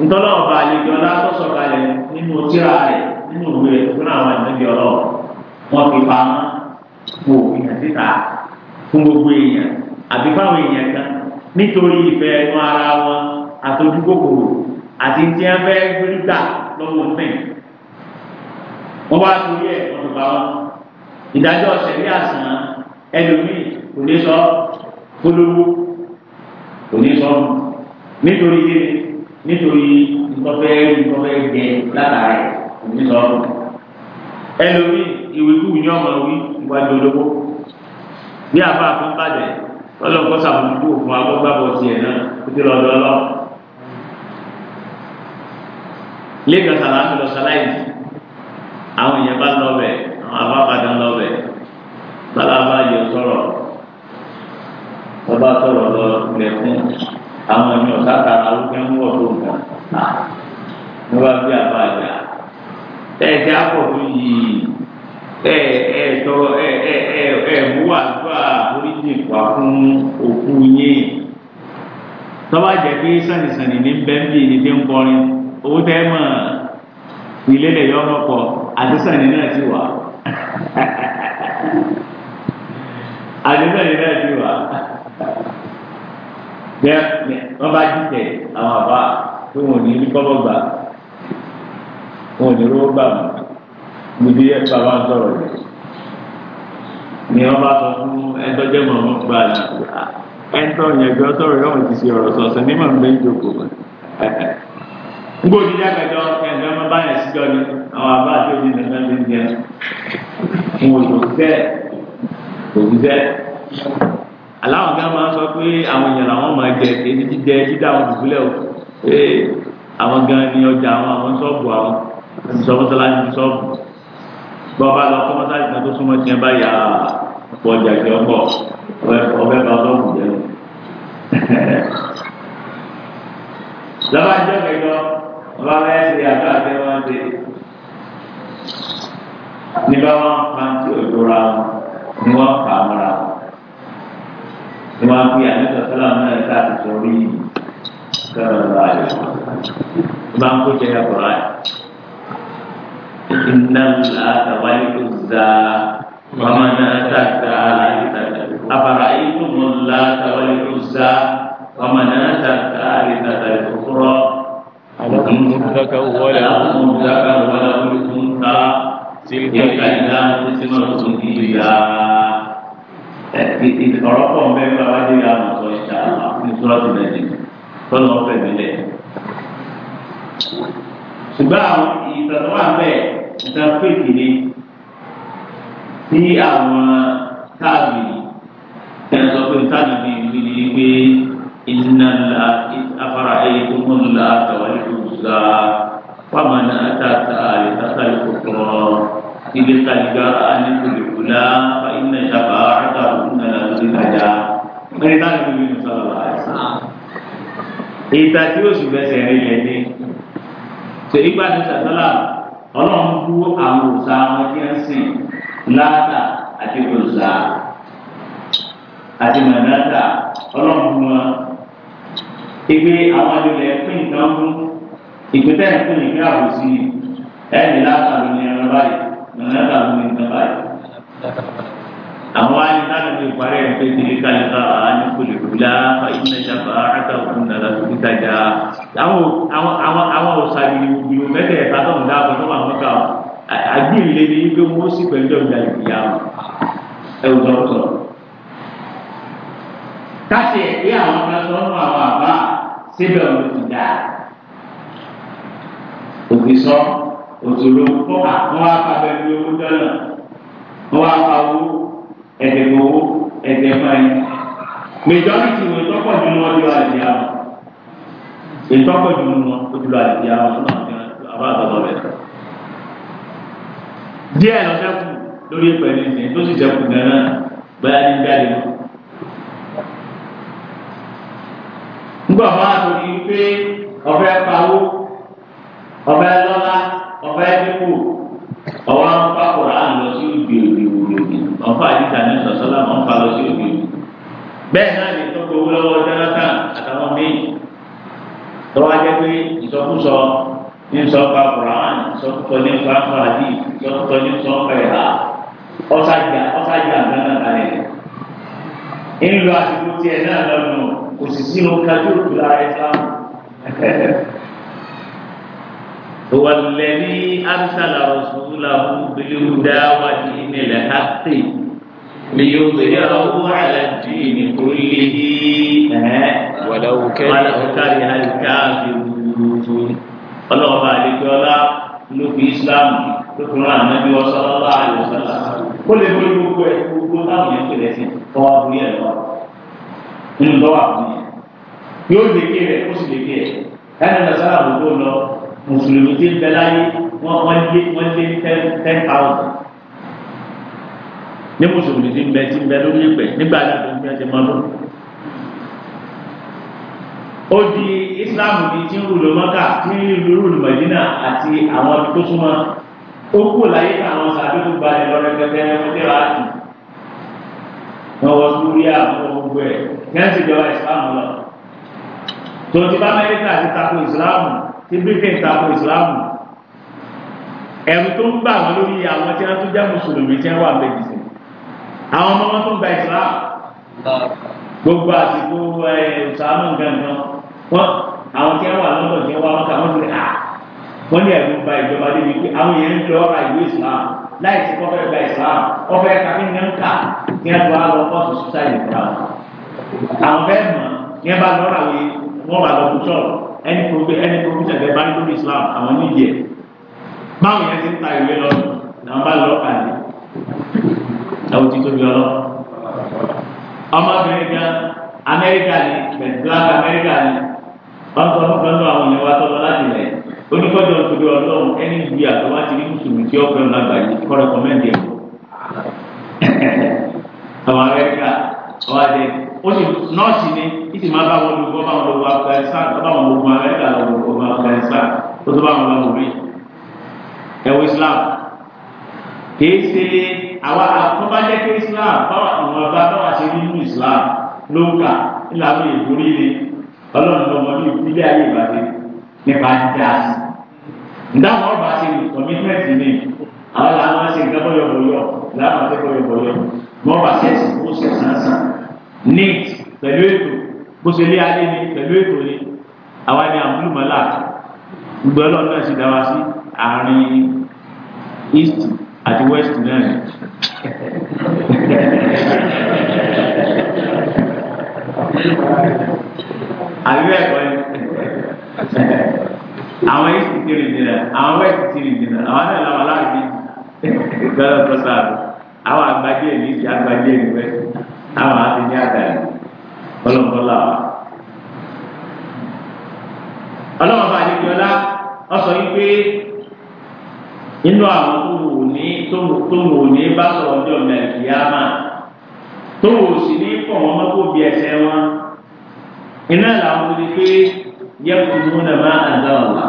ntọ́lọ́ ọba àlejò ọlá tó sọ̀kalẹ̀ nínú tíra rẹ̀ nínú òwe rẹ̀ fún àwọn ìnáwó ọlọ́ wọn fi pamọ́ fún òfìyàn síta fún gbogbo èèyàn àbí fáwọn èèyàn kan nítorí ìfẹ́ ẹnu ara wọn àtọ́jú àti tí wọ́n fẹ́ gbérí gbà lọ́wọ́ mẹ́rin wọ́n wá torí ẹ̀ wọ́n fi pamọ́ ìdájọ́ ọ̀sẹ̀ ní ẹlòmíì kò lè sọ polówó kò ní sọ nítorí nítorí ntọ́fẹ́ ntọ́fẹ́ jẹ látàrí kò ní sọ ẹlòmí ìwékúwì ní ọmọ wí ìwádìí olówó bí àbá fún bàjẹ́ ọlọ́kọ́ sàmójútó fún agbọ́gbàbọ̀ tiẹ̀ náà kó ti lọ́ọ́ dọ́lọ́ lẹ́gàn sàlámì lọ sàláyé àwọn èèyàn bá lọ bẹ̀ àwọn àbá padà lọ bẹ̀ bàbá bá yẹ sọ̀rọ̀ tọ́ba sọ̀rọ̀ lọ lẹ́kún àwọn ẹ̀mí ọ̀sá tara wípé ń wọ̀ tó nǹkan ní wàá bí àbá àjà ẹ̀ẹ́dẹ́ àpọ̀tù yìí ẹ̀ ẹ̀ tọrọ ẹ̀ ẹ̀ ẹ̀ ẹ̀ mú àdúrà oríṣi ìpà fún òkú yín tọ́ba jẹ́ pé sànìsànì ní bẹ́ńbì ní dé ń kọrin owó tẹ́ mọ̀ ilé lè yọ ọmọ pọ̀ àti náà ti wà àti náà ti wà jẹ́ wọ́n bá dìtẹ̀ àwọn àbá tí wọ́n ní ní kọ́bọ̀ gbà wọ́n ní rówó gbà mọ́ níbi ẹ̀ bàbá ń sọ̀rọ̀ rẹ̀ ni wọ́n bá sọ fún ẹjọ́ jẹ́ mọ̀ wọ́n gbà ẹ̀ńtọ́ yẹn gbọ́ sọ̀rọ̀ yọ̀wọ̀n ti ṣe ọ̀rọ̀ sọ̀sẹ̀ nímọ̀ ń bẹ́ ìjókòó gbogbo ìdílé àgbẹjọ ẹgbẹ ọmọ báyẹn síjọ ni àwọn àbá àti òbí nìkan ló ń jẹ wọn ò lò sẹ òbí sẹ aláwọn gan máa ń sọ pé àwọn èèyàn làwọn máa jẹ èyí jíjẹ dídá àwọn dùbúlẹ̀ o pé àwọn gan ni ọjà àwọn àwọn sọ́ọ̀bù àwọn ìsọmọsọlá ní sọ́ọ̀bù bọ́ọ̀ bá lọ kọ́ mọ́sáàjì kan tó súnmọ́ tiẹ̀ bá yà ọ̀pọ̀ ọjà ìjọ ọkọ̀ ọ̀fẹ́ bá ọlọ́ọ̀bù jẹ lọ. lọ́ba jẹ́ kẹjọ ọba bẹ́ẹ̀ ṣe àjọ àti wọn ṣe ní bá wọn pa tí òjò ra wọn ni wọ́n pa mọ́ra wọn wọ́n á fi àdúgbò sọ́lá náà ká ti sọ̀rọ̀ yìí kẹ́rọ̀ ń bá yọ. wọ́n bá ń kó jẹ́ ẹ̀kọ́ra yìí. iná àtàwáyé tó zá màmá náà tàkà àlàyé àbàrà yìí tó mọ̀ ńlá àtàwáyé tó zá màmá náà tàkà àlàyé tàkà ìfòkúrọ̀. ألكم الذكر ولكم الذكر ولكم الأنثى تلك إذا قسمة Eh, ọ̀rọ̀ pọ̀ nbẹ nípa wá dé ìyàwó sọ ìṣà ní sọ́ọ̀tì nàìjíríà tọ́lọ́ ọ̀fẹ́ nílẹ̀. ṣùgbọ́n ìtàtọ́wà bẹ́ẹ̀ ìtàn fèkì ni tí àwọn táàbì ẹ̀ sọ pé táàbì mi ni pé iná la afárá ẹ̀yẹ tó mọ̀ nílá àtàwọn ẹ̀kọ́ gbùgbà fáwọn àtàtà àlè tàtà ẹ̀kọ́ kọ́. إذ قد جاء نصر الأولى فإن شفاعتهن لا تزكى mẹ́ta ló ń bínú sọ̀rọ̀ láàyè. ìta tí ó sì fẹsẹ̀ rí lẹ̀ ní. tó ìgbà tó sàtọ́là ọlọ́run kú àwọn òòṣà wọn tí ń sìn láàtà àti òòṣà àti mọ̀nàtà ọlọ́run kú wọn. ìgbé àwọn ilẹ̀ pín nǹkan fún ìgbésẹ̀ pín ìgbé àbòsí ẹ̀ẹ́dì láàtà ló ní ẹran báyìí nana ka mun ni kaba ye àwọn ayélujára bíi parí ẹ̀ pé tìlí kálíkà ní kòlìkòlá ìmọ̀ ìjàmbá àtà òkun nàlá tóbi tajà àwọn òsàbí ìlú mẹ́tẹ̀ẹ̀ta tó ń dáàbò tó máa ń kà àgbéyìnlé ní pé wọ́n sì pẹ̀lú ọ̀gá ìyá ẹ̀wù lọ́tọ̀. káṣí ẹ̀ pé àwọn aṣọ ọ̀nà àwọn àbá síbẹ̀ òun ti dà òfin sọ òṣèlú kọ́kà wọ́n wá ká bẹ́ẹ̀ ní owó dáná wọ́n wá ká owó ẹ̀dẹ̀gbọ̀ owó ẹ̀dẹ̀gbọ̀ yẹn. mẹjọ́rìtì wọn ìtọ́pọ̀ jù wọn ojú àdìyẹ àwọn ìtọ́pọ̀ jù wọn ojú àdìyẹ àwọn fún àwọn àbábọ̀ rẹ̀. díẹ̀ lọ sẹ́kù lórí ìpẹ̀lú ìsìn tó sì sẹ́kù gánà bẹ́ẹ̀ ní jáde wọn. nígbà wọn àtòkì pé ọ̀fẹ́ pawó ọ̀fẹ́ lọ́lá ọ̀fẹ́ dínkù ọwọ́ ń fa koran lọ sí òbí òbí òbí òbí ọ̀fà àdìsá ní sọ̀sọ́lá wọn fa lọ sí òbí òbí bẹ́ẹ̀ náà lè tó gbowó lọ́wọ́ jọ́nátà àtàwọn míì tọ́wọ́ ajẹ́ pé ìsọkúsọ ní sọ́kà koran ìsọkúsọ ní sọ́kà àdì ìsọkúsọ ní sọ́kà ìhà ọ̀sàjà ọ̀sàjà gánà kalẹ̀ ńlọ àsìkò tiẹ̀ náà lọ́nu kò sì sí ohun kájú òkú lára ẹ̀ هو الذي أرسل رسوله بالهدى ودين الحق ليظهره على الدين كله ولو كره الكافرون الله عليك ولا ló fi islam tó fi rán ànábi wọn sọlá bá àlè sọlá kó lè borí gbogbo ẹ gbogbo táwọn yẹn pèlè sí ọwọ́ àbúrí ẹ lọ nínú lọ́wọ́ àbúrí yóò lè ké rẹ kó sì lè ké ẹ ẹni lọ sára àbúrò lọ mùsùlùmí ti ń bẹ láyé wọ́n wọ́n lé wọ́n lé ten ten thousand ní mùsùlùmí ti ń bẹ ti ń bẹ lórí ìgbẹ́ nígbà tí àwọn ọmọ ẹ̀jẹ̀ máa lọ. ó di islam di tí ń rúlò mọ́kà tí ń rúlò mọ̀dínà àti àwọn tó súnmọ́ ó kú láyé àwọn sàbẹ̀wò balẹ̀ lọ́rẹ́ kẹfẹ́ ẹgbẹ́ wa tù. wọ́n wọ súríà wọ́n gbogbo ẹ̀ kẹ́ńtì jọba islam lọ tòlótì bá amẹ́ríkà ti tako ìsìláàmù ti britain tako ìsìláàmù ẹ̀rù tó ń bà wọ́n lórí àwọn tí wọ́n tún jẹ́ mùsùlùmí tí wọ́n wà bẹ́ẹ̀ dìde àwọn ọmọ wọn tún gba ìsìláàmù gbogbo àsìkò ìsàmù gangan wọn àwọn tí wọ́n wà lọ́dọ̀ tí wọ́n wà wọn kà wọ́n tún lè hà wọ́n ní ẹ̀rù ba ìjọba débi pé àwọn yẹn ń tọ́ ọ̀rọ̀ ìlú ìsìláàmù láì sí kọ́ fẹ́ gba ìsìláàmù kọ́ fẹ́ kàmí ní ń kí wọ́n wọ́n wà lọ kùtọ́ ẹni profe ẹni profession tẹ bá ní lórí Islam àwọn nídìí ẹ̀ báwọn yẹn ti ń ta ìwé lọ làwọn bá lọ kàlẹ́ ẹ̀wọ̀n ti tóbi ọlọ́ ọmọbìnrin kan Amẹ́ríkà ni black Amẹ́ríkà ni wọ́n sọ fún pẹ̀lú àwọn ìyẹn wa tọ́lọ́ láti lẹ̀ oníkọ́jọ́ òṣèlú ọlọ́run ẹni ìwé àtọ́wá ti rí mùsùlùmí tí ó fẹ́ràn lágbàáyé kọ́ rẹ̀ kọ́mẹ́ndì ẹ̀ àwọn Amẹ́ríkà ọ̀hádẹ ó sì nọ́ọ̀sì ni kí sì máa bá wọn lu ọba wọn lọ́wọ́ Afghanistan ọba wọn lọ́wọ́ Amẹ́ríkà lọ́wọ́ ọba Afghanistan tó tó bá wọn lọ́wọ́ rí ẹ̀wọ̀ Islam kìí ṣe àwa àkọ́bájẹ́ pé Islam báwa ìwọ̀n bá báwa ṣe rí nínú Islam ló ń kà nílànà ìborí ni ọlọ́run lọ́mọ ní ìpínlẹ̀ ayé Ìbàdàn nípa dídáàsì ìdáhùn ọba ṣe ní commitment ni àwọn làwọn ṣe nǹkan bọ́yọ̀bọ̀yọ̀ làwọn ṣe bọ́yọ̀bọ̀yọ̀ mọ́ bá ṣẹ̀ṣẹ̀ kó ṣẹ̀ṣẹ̀ sàn neat pẹ̀lú ètò bó ṣe lé ayé ni pẹ̀lú ètò ni àwa ni àmúlùmọ́lá gbogbo ọlọ́run náà sì dá wa sí àárín east àti west náà ni. àbí ẹ̀kọ́ ni àwọn east ti rìn jìnnà àwọn west ti rìn jìnnà àwọn náà làwọn aláàbí gbọ́dọ̀ tó sáà àwọn àgbájé ní ìṣe àgbájé ní west àwọn àti ní àdàlù ọlọ́mọlá ọlọ́mọba àdìgbọ́lá ọsọ yìí pé nínú àwọn tó wù ní tó wù ní bá sọ̀rọ̀ ọjọ́ mẹ́rìndínláàmà tó wù sí ní pọ̀ wọn mọ́kò bí ẹsẹ̀ wọn iná làwọn ti pé yẹ kó mú nà má àdá ọ̀la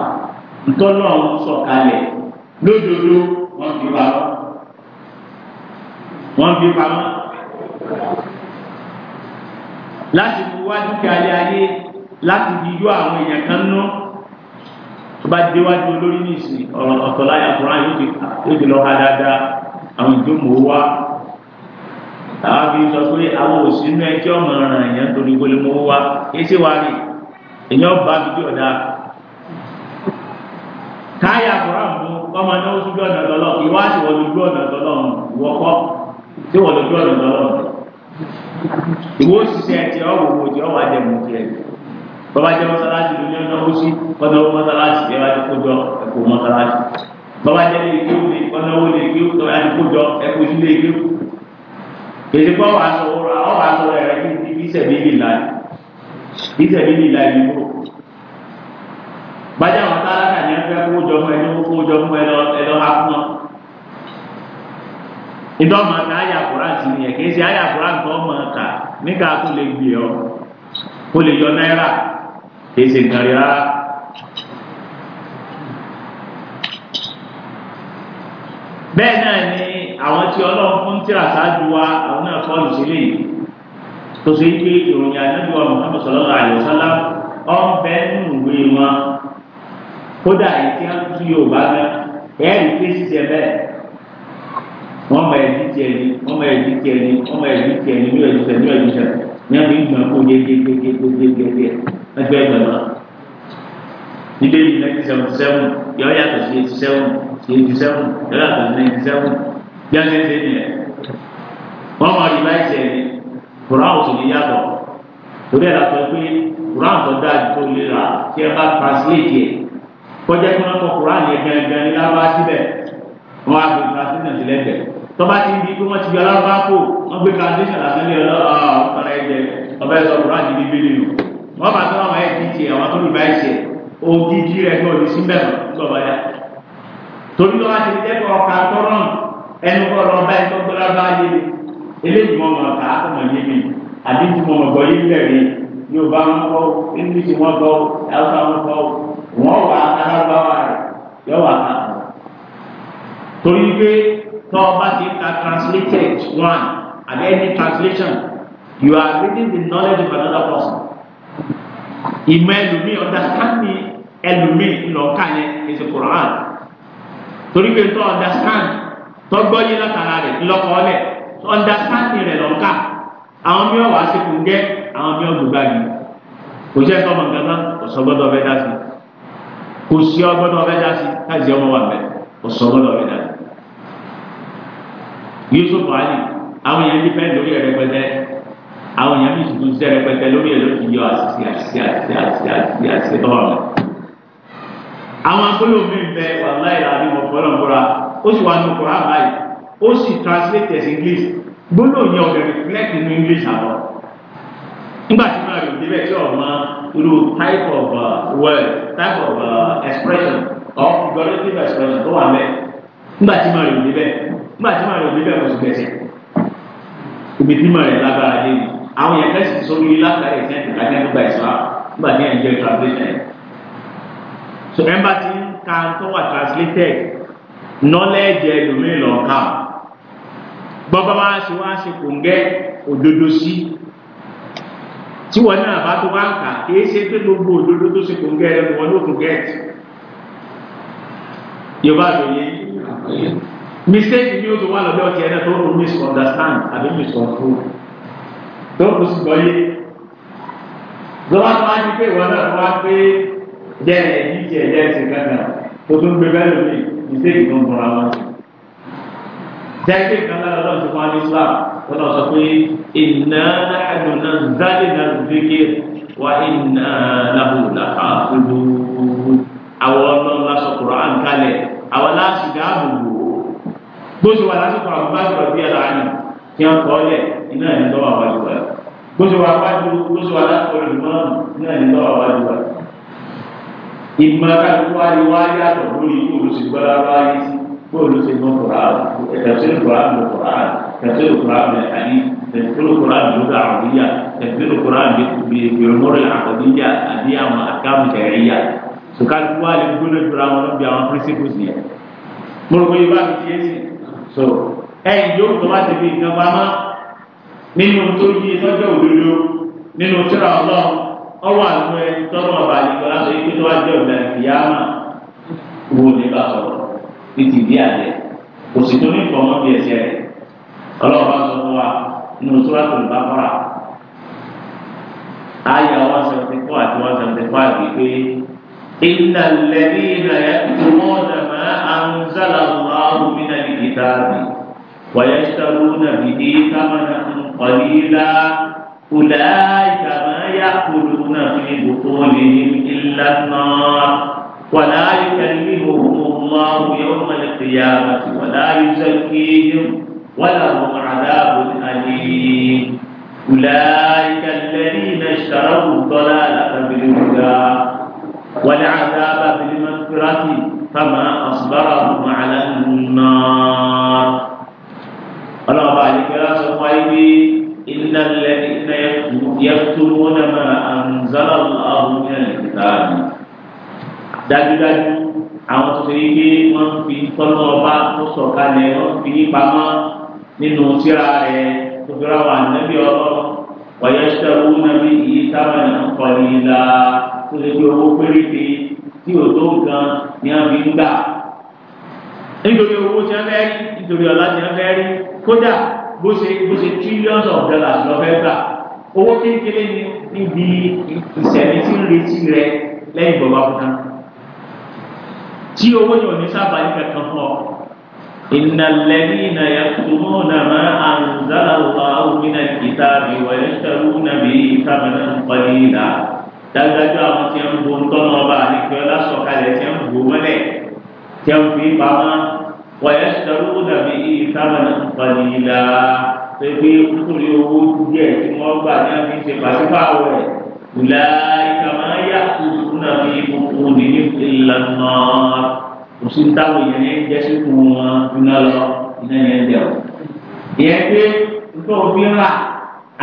ntọ́nà ọ̀hún sọ̀kalẹ̀ lójoojúmọ́ wọn fi pamọ́ wọn fi pamọ́. láti mú wájú kálí ayé láti fi yọ àwọn èèyàn kan ná tó bá déwájú olórí ní ìsìn ọ̀rọ̀ fúnra yóò ti lọ ha dáadáa àwọn ìjọmọ̀ wá àwọn fi sọ pé àwọn òsínú ẹjọ́ ọmọ ọ̀ràn èèyàn torí gbólómọ́ wá èsì wá rí èèyàn bá bíbí ọ̀dà káyà fúnra mú ọmọ náà ó tún bí ìwọ òṣìṣẹ́ ẹ̀jẹ̀ ọ̀wọ̀ owó jẹ́ ọ̀wọ̀ ajẹ́ mú tiẹ̀ bàbá jẹ́ mọ́sálásí ló ní ọ̀nà òsì kọ́nà owó mọ́sálásí jẹ́ wájú kójọ ẹ̀kọ́ mọ́sálásí bàbá jẹ́ lè kí òun kọ́nà owó lè kí òun wájú kójọ ẹ̀kọ́ sí lè kí òun. èdè kọ́ wàá sọ wọ́n àwọn wàá sọ ẹ̀rẹ́ kí ní bí sẹ̀mí ní ìlà bí sẹ̀mí ní ìlà yìí kúrò. bàjẹ́ àwọn tálákà ní ẹgbẹ́ kójọ fún ẹ ìdọ́ máa ka àyà àkùrá sí ni yẹn kì í ṣe àyà àkùrá nǹkan máa kà nígbà tó lè gbé ọ kó lè yọ náírà kì í rárá. bẹ́ẹ̀ náà ni àwọn tí ọlọ́run fún tíra ṣáájú wa àwọn náà fọ́ọ̀lù sílẹ̀ yìí tó ṣe pé ìròyìn ànábì wa Muhammad sallallahu alaihi wasallam ọ̀n bẹ́ẹ̀ nù ìwé wọn kódà èyí tí wọ́n yóò bá mẹ́ ẹ̀ẹ́rì pé ṣiṣẹ́ bẹ́ẹ̀ wọ́n mọ ẹ̀dí tiẹ̀ ni wọ́n mọ ẹ̀dí tiẹ̀ ni wọ́n mọ ẹ̀dí tiẹ̀ ni ní ẹ̀dí tiẹ̀ ní ẹ̀dí tiẹ̀ ní ẹ̀dí gbọ̀n kó gégégégégégégé ẹgbẹ́ gbọ̀nà. níbẹ̀ yìí nineteen seventy seven yọ yàtọ̀ sí eighty seven sí eighty seven yọ yàtọ̀ sí ninety seven bí a ṣe ṣe nìyẹn. wọ́n mọ ìlà ìṣẹ̀ ni kura ọ̀sùn ni yàtọ̀ torí ẹ̀rọ àtọ̀ pé kura àtọ̀ dáa tó lè rà kí ẹ bá translate yẹ kọjá tọ́ba ti di pé wọ́n ti gbé alábá kò wọ́n gbé kàdéṣà lásìlẹ̀ ọlọ́ọ̀ ọ̀tọ̀rọ̀ ẹ̀jẹ̀ ọbẹ̀ sọ kúrò àti bíbí lè lò wọ́n bá tọ́ àwọn ẹ̀jẹ̀ tiẹ̀ àwọn tó lù bá ẹ̀jẹ̀ ògidì rẹ̀ kọ́ ní síbẹ̀ lọ́ba yá. torí lọ́wọ́ ti dẹ́kọ̀ ọ̀ka tọ́rọ̀ ẹnu kọ́ lọ́ba ẹ̀ tó gbọ́dọ̀ bá yé eléyìí mọ̀ mọ̀ ká mọ̀ yé mi àdéhùn mọ̀ mọ̀ gbọ́ tó o bá ti ka translated one and any translation you are reading the knowledge of another person ìmọ̀ ẹlòmíì ọ̀dà kánì ẹlòmíì lọ́ọ̀ká yẹn is a Quran torí pé tó understand tó gbọ́ yé látara rẹ̀ lọ́kọ̀ọ́ lẹ̀ tó understand rẹ̀ lọ́ọ̀ká àwọn mi ò wá sí kùn gẹ́ àwọn mi ò gbùgbà yìí kò sí ẹ̀tọ́ ọmọ nǹkan kò sọ gbọ́dọ̀ ọbẹ̀ dá sí kò sí ọgbọ́dọ̀ ọbẹ̀ dá sí káàzì ọmọ wà bẹ́ẹ̀ kò sọ gbọ́dọ̀ ọbẹ̀ dá sí. Yusuf Ali àwọn èèyàn ti fẹ́ lórí ẹ̀rẹ́ pẹtẹ àwọn èèyàn mi sùkúrú sí ẹ̀rẹ́ pẹtẹ lórí ẹ̀rọ ti yọ àṣìṣe àṣìṣe àṣìṣe àṣìṣe àṣìṣe àṣìṣe tọ́wọ́ mi. àwọn akóló mi ń bẹ wàláì làbí mo fọlọ́ ń bọ́ra ó sì wà ní Kùránì báyìí ó sì translate as English gbọ́dọ̀ yẹ ọ̀rẹ́ reflect in English àbọ̀ nígbà tí máa rò débẹ̀ tí ọ̀ma irú type of uh, word type of uh, expression or figurative expression tó wà mẹ́ nígbà tí máa rò débẹ̀ nígbà tí màá rẹ̀ òbí bẹ́ẹ̀ mo sì gbẹ̀sẹ̀ ibi tí màá rẹ̀ lágbára dé mi àwọn yẹn fẹ́ẹ́ sì sórí látàrí ẹ̀sìn ẹ̀sìn láti ẹ̀dúgba ìsìlá nígbà tí ẹ̀ǹjẹ́ translation so ẹ̀mbà ti ń ka tó wà translated knowledge ẹlòmíì lọ ká gbọ́dọ̀ wá ṣe wá ṣe kò ń gẹ́ òdodo sí tí wọn náà bá tó bá ń kà kì í ṣe pé gbogbo òdodo tó ṣe kò ń gẹ́ ẹ̀rọ wọn ló kò gẹ́ẹ̀tì yorùbá lóye mistake mi o tó wà lọ́dọ̀ ọtí ẹ̀dá tó o misunderstand àbí miscontrol tó o sì gbọ́yé lọ́wọ́ tó wá ní pé ìwọ náà wá pé jẹ́ ẹ̀yìn jẹ́ ẹ̀yẹ́ ẹ̀sìn kankan tó tó ń gbé bẹ́ẹ̀ lórí mistake tó ń bọ̀ra wọn. jẹ́kẹ́ kan lára lọ́dọ̀ tó wá ní Islam wọ́n náà sọ pé inna nahnu nazzalna dhikr wa inna lahu lahafidun àwọn ọlọ́run lásọ̀kùrọ̀ àǹkálẹ̀ àwọn láṣìdá àbùkù gbóṣù wà lásìkò àbúbáṣọ bí ẹ̀rọ àná kí wọ́n kọ́ lẹ̀ iná ẹ̀ ń lọ́wọ́ àwájú wa gbóṣù wà wájú gbóṣù wà lásìkò ìmọ̀ràn iná ẹ̀ ń lọ́wọ́ àwájú wa. ìmọ̀ kálukú wa ni wá yàtọ̀ lórí olùsìgbọ́lá wáyé sí bóòlù ti mọ kùrààmù tẹ̀sílù kùrààmù kùrààmù tẹ̀sílù kùrààmù ẹ̀hání tẹ̀sílù kùrààmù lóga àwùjá tẹ̀sílù kùrààmù gbèrúmọ́rẹ́ àwùjá àbí àwọn àkàmù kẹ̀yẹ́yà sùkàlùkù wa lè gbóná jura wọn bí àwọn pírísìpù sí yẹn. mo rò pé ibà mi ti yé sí i so ẹ̀yìn yóò tó bá ti fi nǹkan pamọ́ nínú tó yí lọ́jọ́ òdodo nínú tíra ọlọ́run ọwọ́ àlùmọ́ ẹni tọ́lọ́ ọba àdìgbò láti fi tó wájú ọ̀dà ìyáàmà wo ní bá sọ̀rọ̀ ní ti bí àjẹ́ kò sì tó ní ìfọ̀mọ́ bí ẹ̀ṣẹ̀ rẹ̀ ọlọ́run bá sọ fún wa nínú tíra tó ní bá kọ́ra ayé wa seventy four àti one seventy five yìí pé ìlànà lẹ́yìn ìlànà tó mọ́ ọ̀dà أنزل الله من الكتاب ويشترون به ثمنا قليلا أولئك ما يأكلون في بطونهم إلا النار ولا يكلمهم الله يوم القيامة ولا يزكيهم ولهم عذاب أليم أولئك الذين اشتروا الضلالة بالهدى والعذاب بالمغفرة fama asbarahum ala an-nar ọlọ́ọ̀bá àdìgbẹ́lá sọ fún ayé bí iná lẹ́ iná yaqtumuna ma anzala Allahu min al-kitab dájúdájú àwọn tó ṣe yí pé wọ́n fi tọ́lọ́ ọba tó sọ̀kalẹ̀ wọ́n fi yí pamọ́ nínú síra rẹ̀ tó wà nẹ́bí ọlọ́run wọ́n yẹ ṣẹ́wó nẹ́bí yìí sábà ní ọkọ̀ yìí la tó ṣe pé owó péréte tí o tó ni a fi ń gbà nítorí owó tí wọ́n fẹ́ rí nítorí ọlá tí wọ́n fẹ́ rí kódà bó ṣe bó ṣe trillions of dollars lọ fẹ́ gbà owó kékeré ni níbi ìṣẹ̀lẹ̀ tí ń retí rẹ lẹ́yìn bọ̀bá fúnra tí owó yẹn ò ní sábà ní kankan fún ọ. إن الذين يكتمون ما أنزل الله من الكتاب ويشترون به ثمنا قليلا dájúdájú àwọn tí ń bo ńtọ́nà ọba àdìgbò lásọ̀kalẹ̀ tí ń bo mọ́lẹ̀ tí ń fi pamọ́ wọ̀nyẹ́ sọ̀rọ̀ ó dàbí ìtàmọ̀nà ìpàdìlà pépé nítorí owó díẹ̀ tí wọ́n gbà ní àfi ṣe pàṣípààrọ̀ rẹ̀ ìlà ìkàmọ́ yà tuntun náà fi nínú ìlànà òsì táwọn èèyàn yẹn jẹ́ síkùn wọn iná lọ iná yẹn jẹ́ ìyẹn pé nítorí òfin rà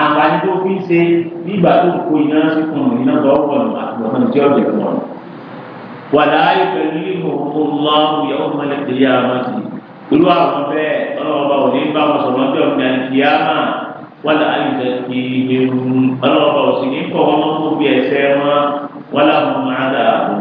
àǹfààní tó fi ń ṣe nígbà tó kó iná sí fún un iná tó pọ̀ nù àti ọ̀hún tí ọ̀jẹ̀ fún ọ. wàlá ìfẹ̀lú ìmọ̀ọ́kọ́ lọ́wọ́ yẹ̀wò mọ́lẹ̀ tó yá wọn sí. olú àwọn bẹ́ẹ̀ ọlọ́wọ́ba ò ní bá wọn sọ̀rọ̀ ọjọ́ ìgbà ìyáàmà wàlá ìfẹ̀kì ìgbẹ̀rù ọlọ́wọ́ba ò sì ní kọ́ wọn kó bí ẹsẹ̀ wọn wàlá àwọn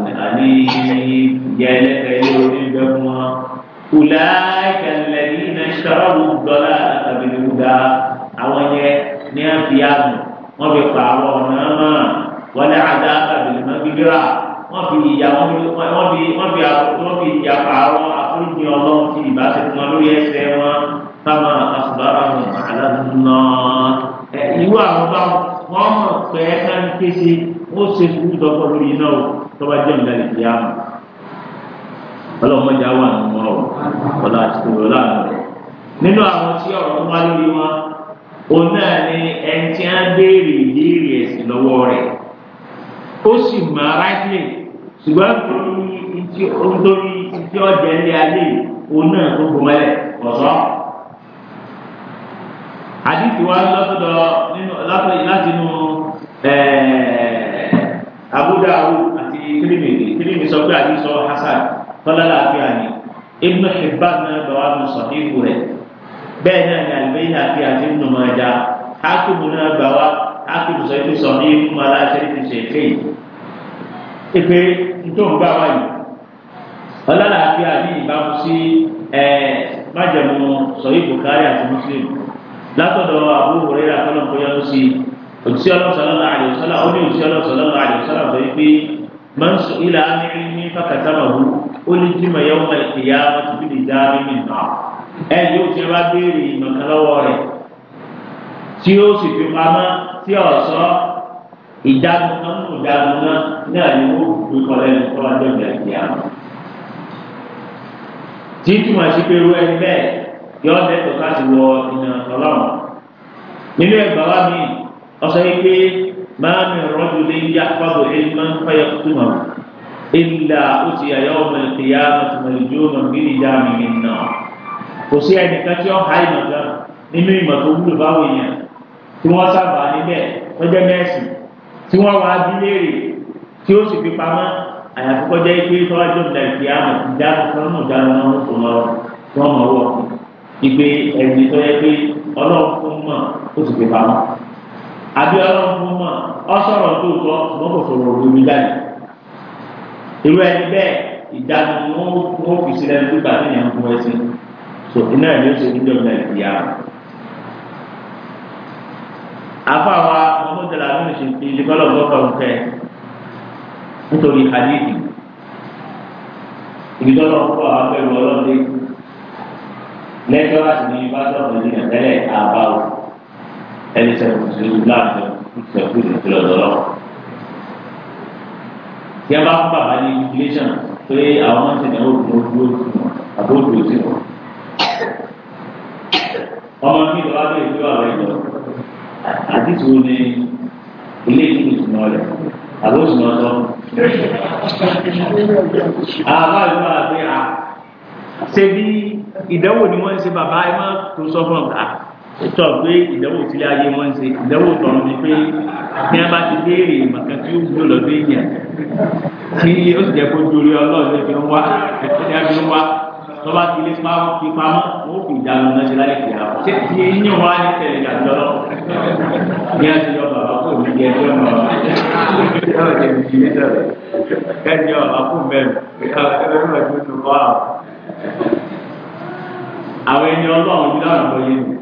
iná o tọ́ba jẹ́ ìdá lè fi àmọ́ ọlọ́mọdé àwọn àmọ́ ọ̀ ọ̀la àti tòwọ́ láàánú nínú àwọn tí ọ̀rọ̀ wá lórí wọn òun náà ni ẹni tí a béèrè ìbéèrè ẹ̀sìn lọ́wọ́ rẹ̀ ó sì mọ aráàlẹ̀ ṣùgbọ́n nítorí títí ọjà ilé ayé òun náà tó gbọmọlẹ̀ ọ̀sán àdìsí wa lọ́sọ̀dọ̀ nínú láti inú ẹ̀ẹ́. Abu Dawud àti Tirmidhi Tirmidhi sọ pé àdìsọ hasan tọ́lá làáfíà ni Ibn Hibban náà bá wà lọ sọ níbu rẹ̀ bẹ́ẹ̀ náà ní àlùbẹ́yìn àti àti Ibn Majah Hakimu náà gbà wá Hakimu sọ ibi sọ ní ikú aláṣẹ ibi sọ èké yìí ìpè ntòun gbà wá yìí tọ́lá làáfíà ìbámu sí ẹ májàmú sọ ibùkárí àti Muslim látọ̀dọ̀ Abu Hurairah àtọ́lọ́nkọ́yọ́ sí i òtí ọlọ́sọ̀lọ́ náà àdìsọ́lá ó ní òtí ọlọ́sọ̀lọ́ náà àdìsọ́lá sọ wípé máa ń sọ ilà ámìrì ní fàkàtàmàwù ó ní jí màá yọ̀wọ́ ìyá tìbí lè dá mímì náà ẹ yóò ti wá béèrè ìmọ̀kan lọ́wọ́ rẹ̀ tí ó sì fi pamọ́ tí ọ̀sọ́ ìdágun náà ń ìdágun náà náà ni ó fi kọ́ lẹ́nu tó wájú ìgbà tí túmọ̀ sí pé ọ̀sẹ̀ yìí pé máa mi rọ́jò lé yá fábọ̀ ẹni máa ń fàyà túmọ̀ ìlà ó ti àyà ọmọ ìkìyà màtìmọ̀lìjọ́ ọmọ gidi já mi mi nà kò sí ẹnìkan tí ó ha ìmọ̀ kan nínú ìmọ̀ tó wúlò báwo yẹn tí wọ́n sábà níbẹ̀ tọ́jọ́ mẹ́sì tí wọ́n wá abíléèrè tí ó sì fi pamọ́ àyàfi kọjá ike tọ́jú ìdá ìkìyàmọ̀ ìdáná fún ọmọ ìdáná náà ń sùn lọ tí wọ́n mọ̀ wọ̀ ìgbé ẹ̀mí tọ́jọ́ pé ọlọ́run àbí ọlọ́run fún mọ̀ ọ̀sọ̀rọ̀ tó tọ́ ṣùgbọ́n kò sọ̀rọ̀ òwúrọ̀ jáde irú ẹni bẹ́ẹ̀ ìdáni ni wọ́n fi sílẹ̀ ní gbígbà tó yẹn ń fún ẹsẹ̀ so iná ẹ̀ yóò ṣe níjọ́ ìgbà ìdíyà rẹ̀. afáwa ọmọdéla lónìí ṣe fi ilé kọ́lọ̀ gbọ́kọ̀ rúkẹ́ nítorí hadithi ìgbìtọ́lọ̀ púpọ̀ àwọn akẹ́rù ọlọ́dẹ lẹ́tọ́ láti ní bá sọ̀rọ̀ ní ìrẹ̀lẹ̀ àbáwò ẹni tẹ mùsùlùmí láàbẹ ìfẹkù ìfẹlẹ ọdọọlọ tí a bá ń bàbá ní inflation pé àwọn máa ń tẹ̀lé àwọn òdòdó dúró tì wọ́n àbó dúró tì wọ́n ọmọ mi ìlú wa ìlú àwọn ìlú àdìsí wo ni ilé ìlú ìtumọ̀ rẹ̀ àbó ìtumọ̀ tọ́ àwọn àlùfáà àti à ṣe bí ìdánwò ni wọ́n ń ṣe bàbá ẹ má tó sọ fún ọ̀gá sọ pé ìdánwò tílé ayé wọn ṣe ìdánwò tọrọ ni pé kí wọn bá ti béèrè màkà tí ó wúlò lọ́dọ̀ èèyàn tí ó sì jẹ kó dorí Ọlọ́run ẹgbẹ́ ń wá ẹgbẹ́ ń wá tọba ti lé pamọ́ fi pamọ́ wọn fi ìdáná náà ṣe láyé fìyà wọn ṣé ti ń yàn wá ní tẹ́lẹ̀ ìdájọ́ lọ ní àti yọ bàbá kò ní jẹ ẹjọ́ náà yọ jẹ bìtì ní sọ̀rọ̀ kẹjọ bàbá kò mẹ́rin ẹgbẹ́ náà tó tó kọ àwọn ẹni Ọlọ́run ní lọ́rùn lóye nù.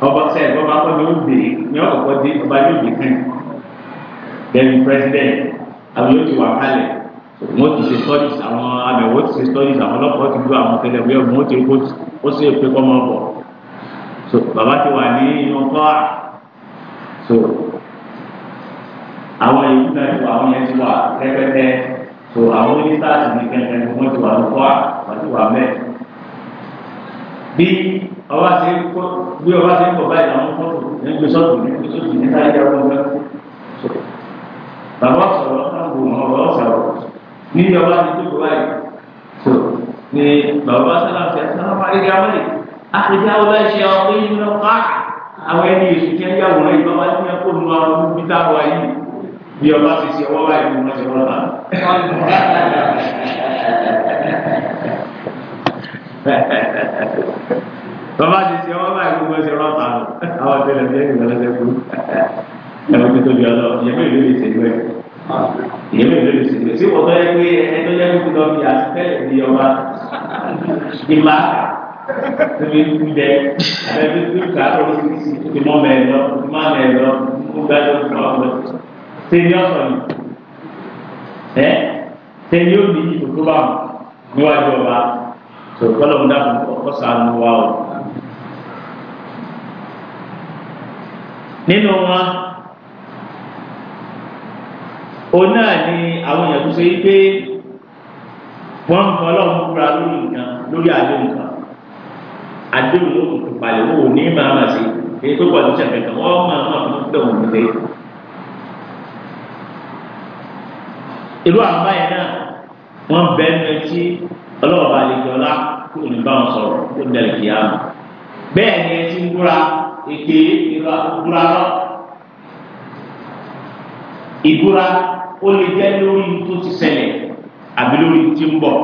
ọba sẹ ọba akọni ó bèrè ní ọkọ dé ọba yóò bè kàn then president àwọn yóò ti wà kálẹ̀ wọn ti ṣe studies àwọn abẹ̀wò ti ṣe studies àwọn ọlọ́pàá ti gbé àwọn kẹlẹ wíwẹ wọn ti kó ó sì pé kọ́ máa bọ̀ so bàbá ti wà ní inú kọ́à so àwọn èyí náà ti wà àwọn yẹn ti wà rẹpẹtẹ so àwọn oníṣàtì ní kẹkẹ wọn ti wà ní kọ́à wọn ti wà mẹ́ẹ̀ bí ọba ti kó gbé ọba ti kọ̀ báyìí àwọn fọ́tò ní gbé sọ́tò ní gbé sọ́tò ní káyé ìjà ọgbọ́n náà. bàbá sọ̀rọ̀ àgbò mọ́ ọ̀rọ̀ sọ̀rọ̀ ní ọba ti tó bọ̀ báyìí tó ní bàbá sọ̀rọ̀ ṣe sọ̀rọ̀ àríkà mẹ́rin àríkà ọba ṣe ọ̀pẹ́ yìí lọ pa àwọn ẹni èsì kí ẹjẹ àwòrán yìí bàbá ti kó nu àwọn olùbí tá yìí bí ọba ti ṣe ọwọ́ báyìí mo bàbá ti ṣe ọmọ báyìí gbogbo ẹsẹ̀ rọ́ọ̀tà lọ àwọn tẹlẹ bí ẹni lọ́lọ́ ṣe kú ẹ̀wọ̀n tó tóbi ọlọ yẹmí ìlú lè ṣe gbẹ yẹmí ìlú lè ṣe gbẹ sí wọ́n tó yẹ pé ẹni tó yẹ kó lọ fi àtẹ́lẹ̀ di ọba ìmá tóbi kú bẹ abẹ́bí tó kà ó ti mọ́ mẹ́ lọ má mẹ́ lọ kó gbá ló kọ́ ọ lọ ṣé ní ọ̀sán ni ẹ ṣé ní òbí ìtòkó bá wọn níwájú ọba tòkọ́lọ́ ń dàbọ̀ ọ̀kọ́sà ń wá o. nínú wọn òun náà ni àwọn èèyàn tó ṣe yí pé wọ́n ń fọ́ ọlọ́run fúra lórí nǹkan lórí àdéhùn kan àdéhùn ló kùn palẹ̀ wò ní màá mà sí èyí tó pọ̀ níṣẹ́ kẹ̀kẹ́ wọ́n máa máa fún tẹ̀ wọ́n lé. irú àwọn báyìí náà wọ́n bẹ́ẹ̀ ní etí ọlọ́ọ̀bá àlejò ọlá kò ní bá wọn sọ̀rọ̀ kó ní ẹ̀rẹ̀ kìí àmọ́ bẹ́ẹ̀ ni etí ń búra èké ìka ìbúra lọ ìbúra ó lè jẹ lórí tó ti ṣẹlẹ̀ àbí lórí tí ń bọ̀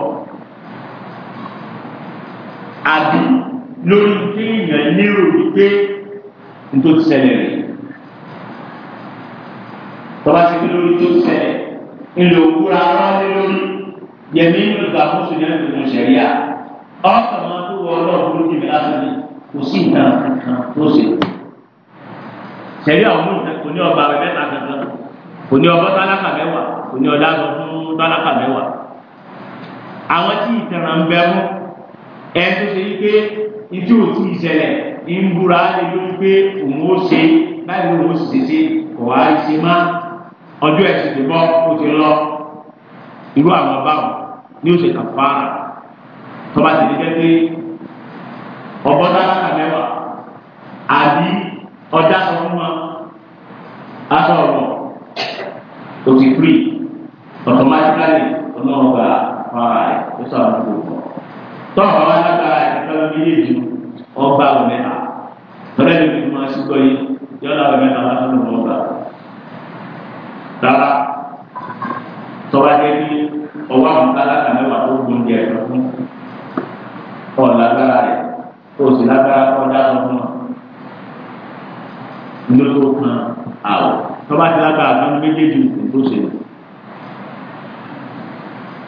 àbí lórí tí èèyàn lérò wípé tó ti ṣẹlẹ̀ rẹ̀ tọ́ba ti fi lórí tó ti ṣẹlẹ̀ ńlò ìbúra lọ́wọ́ lórí yẹmí ìlú ìgbà fún sùn ní ẹ̀dùn ìṣẹ̀ríà ọ̀sán máa tó wọ ọlọ́run lókè mi lásán yìí kò sí nǹkan kankan tó ṣe. sẹ̀rí àwọn olùkọ́ kò ní ọba rẹ̀ mẹ́ta kankan kò ní ọba tálákà mẹ́wàá kò ní ọ̀dà sọ fún tálákà mẹ́wàá. àwọn tí ìtàn ń bẹ mú ẹ tó ṣe yí pé ìtú òtí ìṣẹ̀lẹ̀ ń búra lè lórí pé òun ó ṣe báyìí ló ń ṣe ṣe kò wá ṣe má ọjọ́ ẹ̀sìn tó bọ́ ó ti lọ irú àwọn báwọn ni ó ṣe kàfàrà tọ́ba ti di gẹ́gẹ́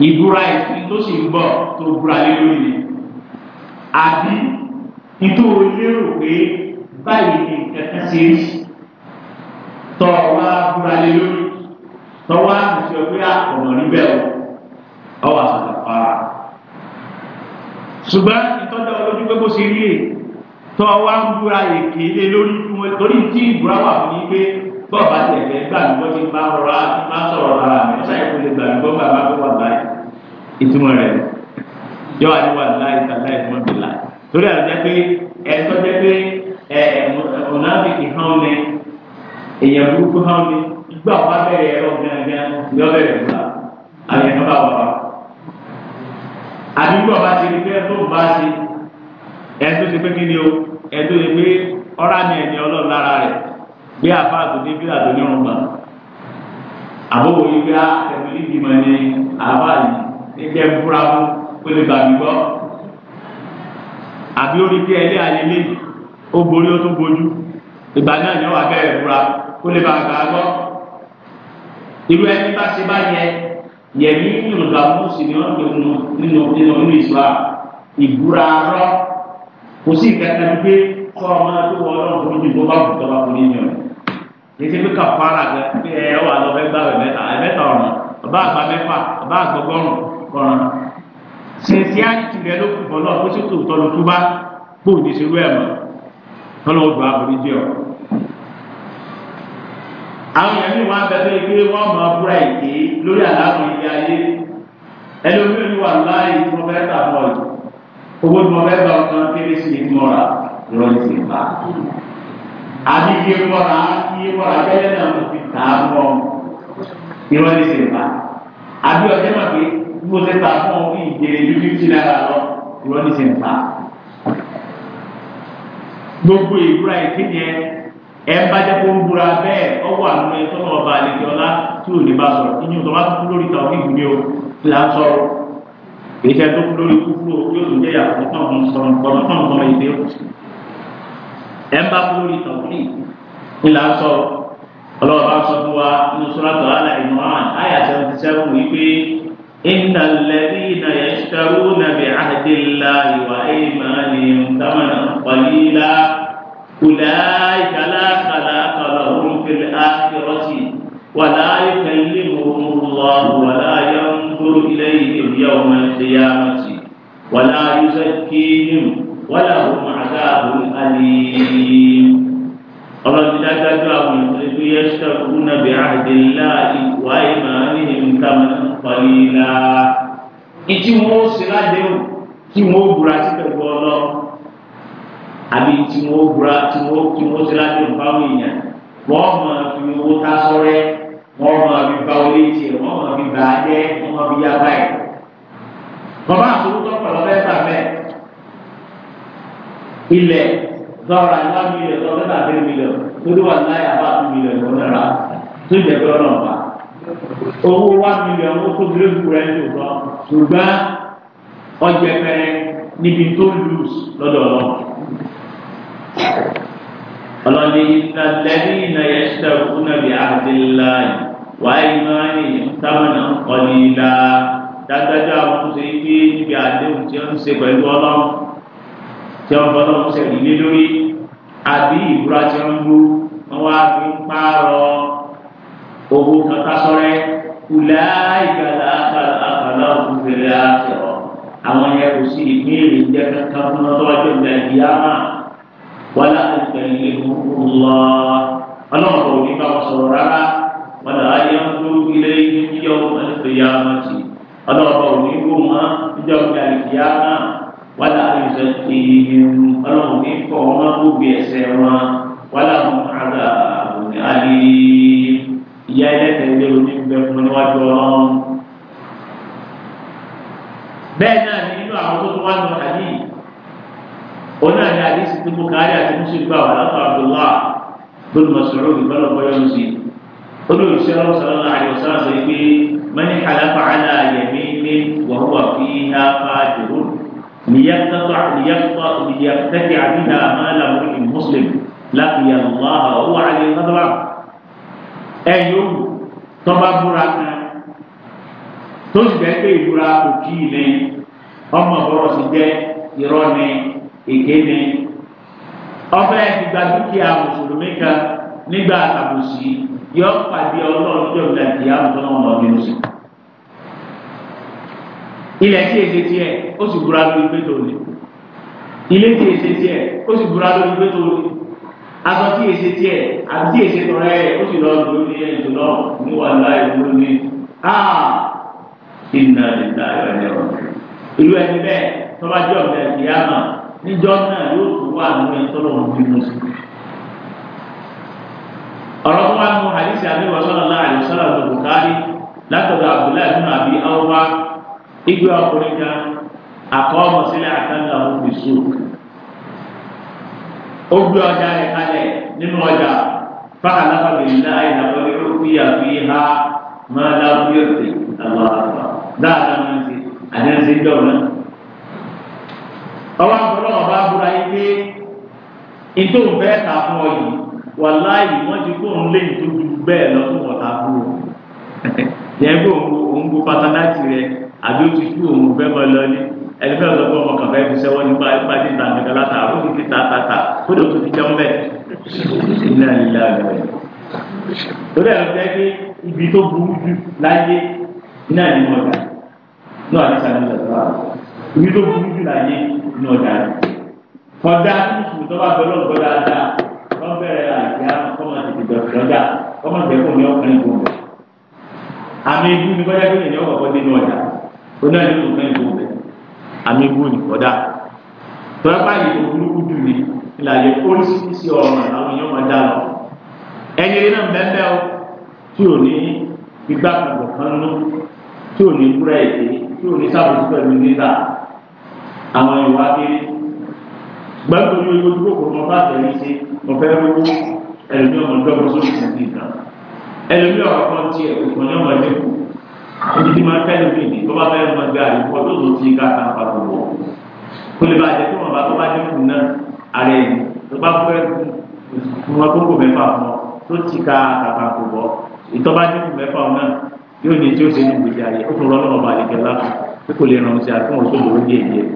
ìbúra ìsìn tó sì ń bọ̀ tó búra lé lórí ni àbí nítorí o lérò pé báyìí ni kankan ṣe rí tọ́ ọ wá búra lé lórí tọ́ wá àtúnṣe pé ọ̀nà níbẹ̀ o ọwọ́ àtúnṣe para ṣùgbọ́n ìtọ́jú ọlójú pé bó ṣe rí è tọ́ wá ń búra èké lé lórí torí tí ìbúra wà fún yín pé bọ́ọ̀ bá ti ẹ̀fẹ́ gbà mí wọ́n ti bá rọra má sọ̀rọ̀ rárá mi ọ̀sán yẹn kò lè gbà mí bọ́ọ̀ bá má kó wà láì ìtumọ̀ rẹ̀ yọ wà ní wà láì tàlá ìtumọ̀ bí láì torí àlọ́ jẹ́ pé ẹ̀tọ́ jẹ́ pé ẹ̀ ọ̀nàfíkì hàn mi èèyàn burúkú hàn mi gbà wá bẹ̀rẹ̀ ẹ̀rọ gángan yọ bẹ̀rẹ̀ gbà àyẹ̀ bá wà àdúgbò ọba bá ti ẹ ti pé kí ni o ẹ ti pé ọ̀rá ni ẹ̀yìn ọlọ́run lára rẹ̀ gbé àbá àtòdé bí àtòdé ọ̀run gbà àbọ̀wò yìí gbé àtẹ̀wélé ìgbìmọ̀ ní àbá yìí níjẹ́ fúra fún pé lè gbàgbé gbọ́ àbí orí pé ẹlẹ́ ayélé ó borí ó tún bojú ìgbà náà ni wọ́n wá bẹ̀rẹ̀ fúra kó lè bàgbà gbọ́ irú ẹni bá ṣe bá yẹ yẹmí yorùbá mọ́sí ni wọ́n pè nínú nínú nínú ìṣúra ìbúra rọ kò sí ìkẹta gbé kọ́ ọmọ tó wọ ọlọ́run tó ń dìbò bá bùtọ́ bá fún yíyan yìí pé kàfàrà gẹ pé ẹ wà lọ fẹ gbàwé mẹ́ta ẹ mẹ́ta ọrùn ọba àgbà mẹ́fà ọba àgbọgọrùn ọrùn ṣèṣì àtìlẹ ló kù fọlọ kó sì tó tọlù tó bá kó o ní ṣe wẹ mọ tọlọ ó dùn àbúrí jẹ ọ. àwọn èèyàn mi wọn abẹ tó yẹ pé wọn mọ abúra èké lórí àlàáfọ ilé ayé ẹlòmíràn wà láàyè tí wọn fẹẹ tà mọ owó tí wọn fẹẹ gbà ọkàn kérésì ní mọra àbí kí ẹ bọ́ra kí ẹ bọ́ra abẹ́rẹ́ náà mo ti tà á fún ọ ìwọ ni ṣe fà àbí ọjọ́ náà pé mo ti tà fún ọ kí ìjẹ̀lẹ̀ ju fífi náírà lọ ìwọ ni ṣe fà gbogbo ìbúra ìkéde ẹ bá jẹ́ kó ń búra bẹ́ẹ̀ ọwọ́ àwọn ẹ̀ tọ́nà ọba àlejò ọlá tí ò ní bá sọ̀rọ̀ inú tó bá kú lórí tàwọn ìgbìmí o là ń sọ̀rọ̀ èyí tẹ́ tó kú lórí kúkú o yóò tún jẹ́ yàtọ̀ tán tán tán tán tán ìdè ẹ̀ ń bá kú lórí tọ̀wọ́lì ńlá ń sọ̀rọ̀ ọlọ́ọ̀bá sọ fún wa nínú sọ́látọ̀ àlà ìmọ̀ràn àyà seventy seven wípé iná lẹ́rí iná yẹn ṣẹ́rú nàbí àdéhìlá ìwà ìmọ̀ ni tàmánà pàlílá kùlá ìkàlá kàlá kàlá òun fìlẹ̀ ákìrọ́tì wàlá ìkàlí mọ̀mọ́lá wàlá yẹn ń dúró ilé ìdè yẹn wọn ṣe yá wọn ti wàlá yóò ṣe kí wọ́lá òun àgá àbùn àlè ọlọ́dún dájú àwọn ìpínlẹ̀ tó yẹ ṣàkóso náà bí àdéhìlá ìwà ìmọ̀ nínú nǹkan pàlílà. ìtí wọn ó ṣe ládéhùn tí wọn ó búra sí pẹ̀lú ọlọ àbí tí wọn ó búra tí wọn ó tí wọn ó ṣe ládéhùn báwọn èèyàn wọn máa fi owó tá sọrẹ wọn máa fi ba olé tiẹ̀ wọn máa fi ba adé wọn máa fi yá báyìí. bàbá àtúntò pẹ̀lú ọbẹ̀ ilẹ̀ zọ́ra ní wàá mílíọ̀n zọ́ra ní àbẹ̀rẹ̀ mílíọ̀n torí wà láyà bá tún mílíọ̀n kọ́ náírà tó jẹ́ pé ọ̀nà ọ̀bà owó wá mílíọ̀n ó tó gírèfù rẹ̀ ní òkúrọ̀ ṣùgbọ́n ọjọ́ pẹ́rẹ́ níbi tó lùs lọ́dọ̀ ọ̀nà. ọlọ́ni ìtàlẹ́rì iná yẹn ṣẹ́rù fún ẹ̀bí àdìlá wáyé máa ń yìn sámánà ọ̀nìlá dájájá àwọn tó ṣe é gbé níbi àdéhùn tí wọ́n ń ṣe pẹ̀lú ọlọ́run tí wọ́n bọ́ lọ́wọ́ sẹ́yìn lé lórí àbí ìbúra tí wọ́n ń bú wọ́n wá fi ń pààrọ̀ owó kan tásọ́rẹ́ kùlá ìgbàlá àkàlà òkùnfèrè àtẹ̀rọ̀ àwọn yẹn kò sí ìbéèrè jẹ́ kankan fún ọjọ́ ọjọ́ ìgbà ìyáàmà wàlá ìgbàlè ńlọ ọlọ́run kò ní bá wọn sọ̀rọ̀ rárá wàlá ayé ń dúró ilé ilé yíyọ ìgbàlè ìyáàmà ti ọlọ́run kò ní bó wọn ìjọba ìyáàmà wàlá مستقيم ọlọ́run ní kọ́ ọmọ gbòógì ẹsẹ̀ wọn wàhálà wọn àgbà òní àlè ìyá ẹlẹ́tẹ̀ẹ́lẹ́ onígbẹ́ fún níwájú ọlọ́run. bẹ́ẹ̀ náà ní inú àwọn tó tó wá nù àlè oní àlè àlè sì tó bukari àti musu gbà wà látọ̀ abdullah bólú masoro ìbálò bọ́yọ̀ lùsì olùsí ọlọ́run sọ̀rọ̀ náà àlè ọ̀sán sọ pé mẹ́ni kàlàfà àlà yẹ̀mí ní wàhùwà fi hàn fàájì rúdù. ليقطع ليقطع ليقتطع بها مال امرئ مسلم لقي الله وهو عليه غضبان ẹyọ tọba búra kan tó sì jẹ pé ìbúra kò kí i ní ọmọ bọrọ sì jẹ irọ́ ní èké ní ọbẹ ìgbà dúkìá mùsùlùmí kan nígbà àbòsí yọ pàdé Ọlọ́run jọ̀ọ́ ìlànà ìyá àbùtọ́ náà wọn lọ bí ó sì ilẹ̀ tí èsè tiẹ̀ ó sì búra lórí pé tó lè ilé tí èsè tiẹ̀ ó sì búra lórí pé tó lè aṣọ tí èsè tiẹ̀ àti tí èsè tọrẹ ẹ̀ ó sì lọ lórí ní ẹ̀jọ̀ náà ní wàhálà ìlú ní a ìnà ìlà ìrẹ̀lẹ̀ ọ̀rọ̀ ìlú ẹni bẹ́ẹ̀ tọ́ba jẹ́ ọ̀gá ìyáàmà níjọ́ náà yóò tó wà nínú ìtọ́lọ̀ òbí mú sí. ọ̀rọ̀ tó wá mú hadisi àbí wàsálà láàrin sálà igwe ọkùnrin kan àkọ́ ọmọ sílẹ̀ àtàlà ọ̀hún obi sùn. ó gbé ọjà rẹ̀ kalẹ̀ nínú ọjà fáwọn alábàbìnrin náà ìdàgbọ́ ní ó fi àfihàn máa lábúyọ̀ sí àwọn àgbà dáadáa máa ń ṣe ọba abụrụ pé ọ yìí wà ti kó òun léyìn tó lọ fún àbí ó ti kú òun fẹ́ mọ lọ ní ẹni fẹ́ sọ pé ọmọ kan fẹ́ fi sẹ́wọ́n nípa ipa títa nìkan láta ó ti ta tata ó lè tó ti jẹun bẹ́ẹ̀ iná lílá rẹ̀ lórí ẹ̀rọ jẹ́ pé ibi tó burú jù láyé iná ní ọjà náà ní sàmì lọ́wọ́ ibi tó burú jù láyé ní ọjà rẹ̀ kọjá kùsù tó bá bẹ̀rẹ̀ ọ̀gbọ́n dáadáa wọ́n bẹ̀rẹ̀ àìyá kọ́mọ tètè bẹ̀rẹ̀ lọ́jà kọ́mọ tẹ̀kùn ní ọkùnrin gbòǹgbò àmì oní àyè kò fẹ́ẹ́ gbòòbẹ àmì wò ní kọ́dà tọ́lá báyìí kò burúkú dùn ní ìlàjẹ oríṣiríṣi ọ̀rọ̀ àwọn èèyàn máa dá lọ ẹni náà bẹ́ẹ̀ o tí ò ní gbígbà kọ̀ọ̀kan kan nú tí ò ní kúrẹ́ èdè tí ò ní sábòsí pẹ̀lú níta àwọn ìwà kiri gbàgbọ́ ní ojú kòkòrò wọn bá tẹ̀lé ṣe wọn fẹ́ wọ́wọ́ ẹlòmíràn ọ̀dọ́ ọ̀gbọ́n sórí ìsìn ibi tí máa fẹ́ẹ́ lómi ní bọ́bá fẹ́ẹ́ máa gbé àyè wọ́n tó tó ti ká kan pa gbogbo ọ̀ kó lè bá jẹ kí wọn bá tó bá dé kù náà ara ẹ̀ tó bá fẹ́ kú wọn tó kò mẹ́fà fún ọ tó ti ká kàkà gbogbo ọ̀ ìtọ́ bá dé kù mẹ́fà náà yóò ní tí ó ṣe ní gbèsè àyè ó tún rọ́ọ̀nà ọba àlejò ńlá kan kó lè ràn sí àtúnwò tó lòó díẹ̀ díẹ̀.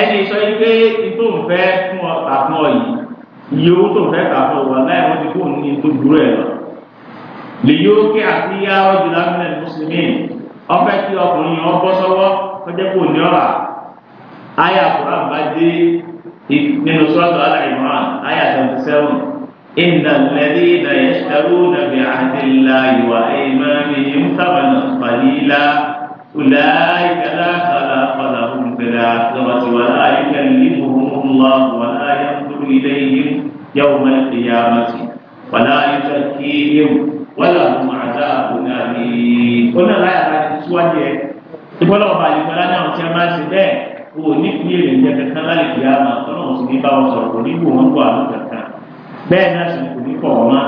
ẹni sọ yìí pé ìtòǹfẹ́ fún ọ iye owó tó fẹ́ kà fún wa láì wọ́n ti fóun ní tó dúró ẹ̀ lọ. lè yóò kí àti yá ọjọ́ lámìlẹ̀ mùsùlùmí ọfẹ́ kí ọkùnrin yẹn bọ́ sọ́wọ́ kọjá kó ní ọ̀rà. ayé àkùrán bá dé nínú sọ́ọ̀tù aláìmọ́ràn ayé àtẹ̀tẹ̀ sẹ́wọ̀n. إن الذين يشترون بعهد الله وأيمانهم ثمنا قليلا أولئك لا خلاق لهم في الآخرة ولا يكلمهم الله ولا يرحمهم ينظر إليهم يوم القيامة ولا يزكيهم ولهم عذاب أليم قلنا لا يعرف سواه يقول الله بعد يقول أنا وشماسي ده kò ní kí èrè ń jẹ kankan láì di àmà tọ́lọ́mù sí ní bá wọn sọ̀rọ̀ kò ní wò wọ́n kó àmì kankan bẹ́ẹ̀ náà sì kò ní kọ̀ wọ́n má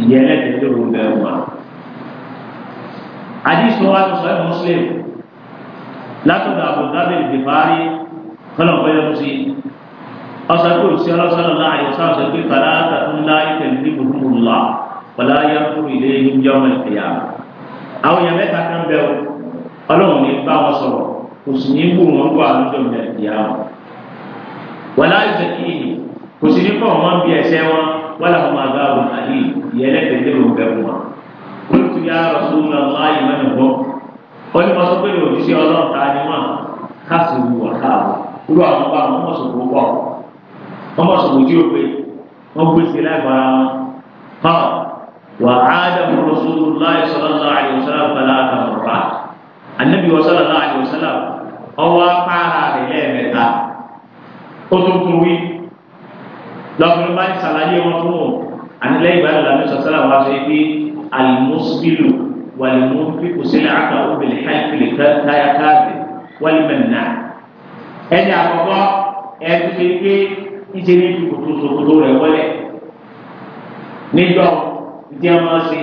ìyẹn ẹlẹ́dẹ̀ẹ́ ló ń bẹ̀rù wa. àdìsùn wa sọ ẹ́ mùsùlùm látọ̀dọ̀ àbùdábẹ̀ ìdìbárí kọ́lọ̀ bọ́yọ̀ sí i ọsọ pé òṣìṣẹ́ ọlọ́sọ̀rọ̀ láàyè ọ̀sán ọ̀sẹ̀ pé fàlà àtàkùn láàyè pẹ̀lú ní gbogbo ńlá fàlà ayé fún ilé ìjọ ọmọ ìpìyà. àwọn èèyàn mẹ́ta kan bẹ o ọlọ́run ní bá wọn sọ̀rọ̀ kò sì ní bù wọn gbọ́ àlùjọ ọmọ ìpìyà wọn. wàlá ìfẹ́ kí ni kò sì ní kọ́ wọn bí ẹsẹ̀ wọn wàlá wọn máa gbá wọn àyè ìyẹlẹ́tẹ̀ẹ́dẹ́rù bẹ wọn. kó wọ́n bá sọ̀kò tí ó pé wọ́n gbé sí láì fara wọn. kọ́ wà á dàbí Rasulullahi sallallahu alaihi wasallam fẹlẹ́ àtàwọ̀rọ̀ ànábì wa sallallahu alaihi wasallam ọwọ́ apára rẹ̀ lẹ́ẹ̀mẹ́ta ó tún tún wí lọ́kùnrin bá ti sàlàyé wọn fún wọn ànílẹ́yìn bá lọ́la ní sọ̀sẹ́là wá sọ pé alimusibilu walimufi kò sílẹ̀ àkà obìnrin káyìkìlì káyà pé níṣẹ́ ní kòtò ṣòkòtò rẹ̀ wọlé níjọ́ ìdí ẹ̀ máa ṣe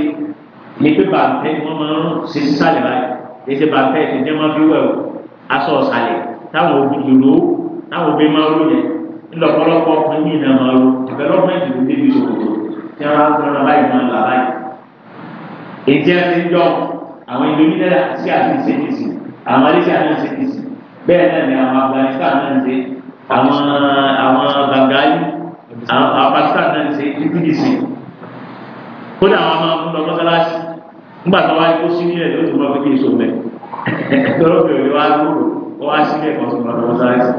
ní pépà ẹ̀ wọ́n máa ń ṣe sísàlẹ̀ báyìí èsì bàtà ẹ̀sìn ìdí ẹ̀ máa fi wẹ̀ o aṣọ ọ̀sàlẹ̀ táwọn òbí dùrò táwọn òbí máa ń lò yẹn ńlọpọlọpọ ọkùnrin yìí náà máa ń lò development ló débi ṣòkòtò tí wọ́n á ń fẹ́ràn báyìí máa ń là báyìí èdè ẹ̀ ń jọ àwọn ìdòmínẹ́lá sí àti ìṣèkìsì àwọn alẹ́sẹ̀ àti ìṣèkìsì bẹ́ẹ̀ náà ni àwọn Afghanistan náà ń ṣe àwọn àwọn bàngáyì àwọn pakistan náà ṣe ìpínlẹ̀ sí kódà àwọn máa ń lọ mọ́sálásí nígbà tó wáyé kó sí nílẹ̀ ló ti mọ̀ pé kí n so mẹ́ lọ́rọ́ mi ò lè wá lóru ó wá sílẹ̀ kan tó mọ̀ lọ mọ́sálásí.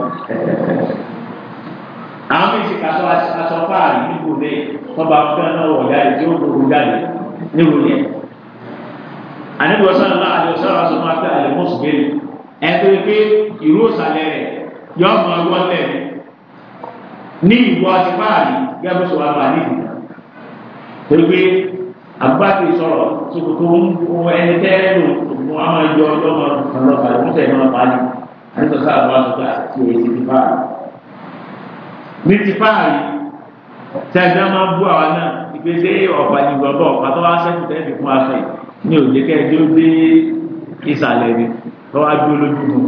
àwọn méjì kàtọ́ aṣọ fáàrí nípò bẹ́ẹ̀ tọ́ba fẹ́ náà wọ̀ jáde tí ó lòrù jáde níwò yẹn. àníbi ọ̀sán náà àti ọ̀sán àwọn aṣọ máa fẹ́ àlẹ́ mọ́sùn yọ ọmọ wọlé ní ìwọ àtibáàlì gẹ́gẹ́ sọ wà ní ìdílé torí pé àgbàtì sọ̀rọ̀ sókòtò ń ẹni tẹ́lẹ̀ lò ògùn àwọn ẹjọ́ ọlọ́mọ ọlọ́mọ ìmúṣẹ́ ìmọ̀ pàálí àti sọ̀rọ̀ àwọn àtúntà tí o ti ti fáàlì. ní ti fáàlì tẹ̀gbọ́n máa bú àwọn náà ìgbésẹ̀ ọ̀pá ìgbọ̀nbọ̀ ọ̀pá tó wá sẹ́kù tẹ́lẹ̀ fún afẹ́ ní òjẹ́kẹ́ ẹjọ́ dé ìsàlẹ̀ ni tó wá dúró lójú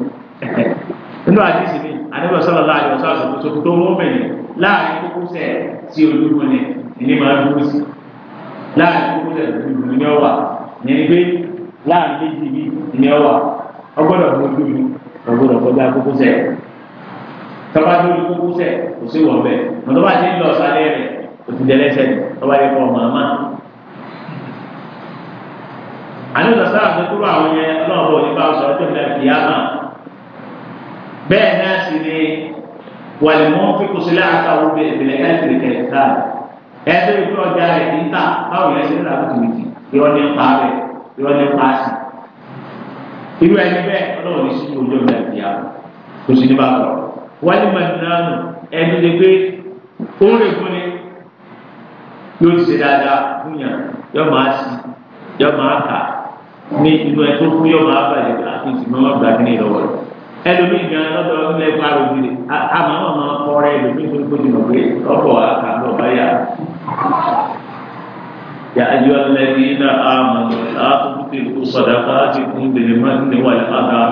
nínú àdìsí ni àdìbò sọlọ láàyè ọsọ àtúntò tó tó wọ́n mẹ́rin láàrin kókósẹ̀ sí olúkún ni ìní máa dúró sí láàrin kókósẹ̀ olúkún ni ọwà ní pé láàrin méjì bí ni ọwà ọgbọ́dọ̀ fún ojú mi ọgbọ́dọ̀ kọjá kókósẹ̀ tọ́ba tó ní kókósẹ̀ kò sí wọ̀ bẹ́ẹ̀ mọ̀tọ́ba ti ń lọ sálẹ̀ rẹ̀ òtúndẹ̀lẹ́sẹ̀ tọ́ba yẹ kọ́ màmá àlọ́ ìdàsára tó kúrò àwọn yẹn ọlọ́ọ̀bọ̀ nípa ọ̀sán ọjọ́ ìlẹ̀ ìyá náà bẹ́ẹ̀ náà sì ni wàlìmọ́ fíkù sílẹ̀ àtàwọn ìbìlẹ̀ káàkiri kẹta ẹgbẹ́ ìfẹ́ ọjà rẹ̀ níta báwọn yẹn ṣe ń ra kùtùkùtù ìwọ ní pa rẹ̀ ìwọ ní pa sí. irú ẹni bẹ́ẹ̀ ọlọ́run ní sí ojú ọjà ìyá kò sí ní bá kọ̀. wálé mẹ́tìránù ẹni lè gbé òun lè fún ni yóò ti ṣe dáadáa fún yàn yọ máa sí yọ máa kà ní inú ẹ tó fún yọ máa bàjẹ́ àti ìtìmọ́ gbàgbé ní ìlọ́wọ́ ẹlòmíì gan lọ́dọ̀ ilẹ̀ ìparí òbílẹ̀ àmọ́ ọ̀nà ọ̀rẹ́ ẹlòmíì tó ń kó jùlọ pé ọ̀pọ̀ àkàndọ̀ báyà. يا أيها الذين آمنوا لا تبطلوا صدقاتكم بالمن والأذى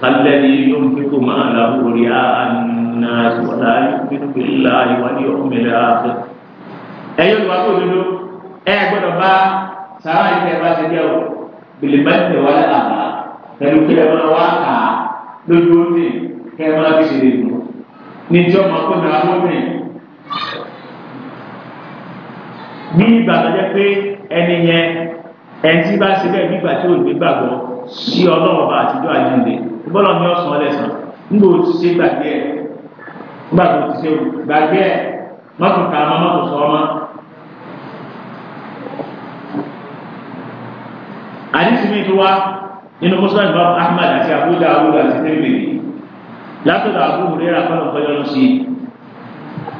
كالذي ينفق ماله رئاء الناس ولا يؤمن بالله واليوم الآخر ẹyọ ìwà tó dodo ẹ gbọ́dọ̀ bá sàrà ìfẹ́ bá ti jẹ o bìlìmẹtì wàlẹ àbá pẹ̀lú kí ẹ máa wá kàá lójú omi kẹ́ ẹ máa fi ṣe lè nù ní tí ọmọ kó nà áwọn mi. ní ìgbà tó jẹ́ pé ẹni yẹn ẹni tí bá ṣe bẹ́ẹ̀ nígbà tí ò ní gbàgbọ́ sí ọlọ́wọ́ bá àtijọ́ àyíǹde bọ́lá mi ọ̀sán ọlẹ́sàn nígbà tó ti ṣe gbàgbé ẹ̀ nígbà tó ti ṣe gbàgbé ẹ̀ mọ́tò ká ọmọ mọ́tò sọ ọmọ. àdìsí mi ti wá nínú mọ́sálásí bá Ahmad àti abuja abuja àti tẹ́lẹ̀mẹ̀lẹ̀ látọ̀dọ̀ àbúrò rẹ̀ àpárọ̀ fọyọ́ lọ sí i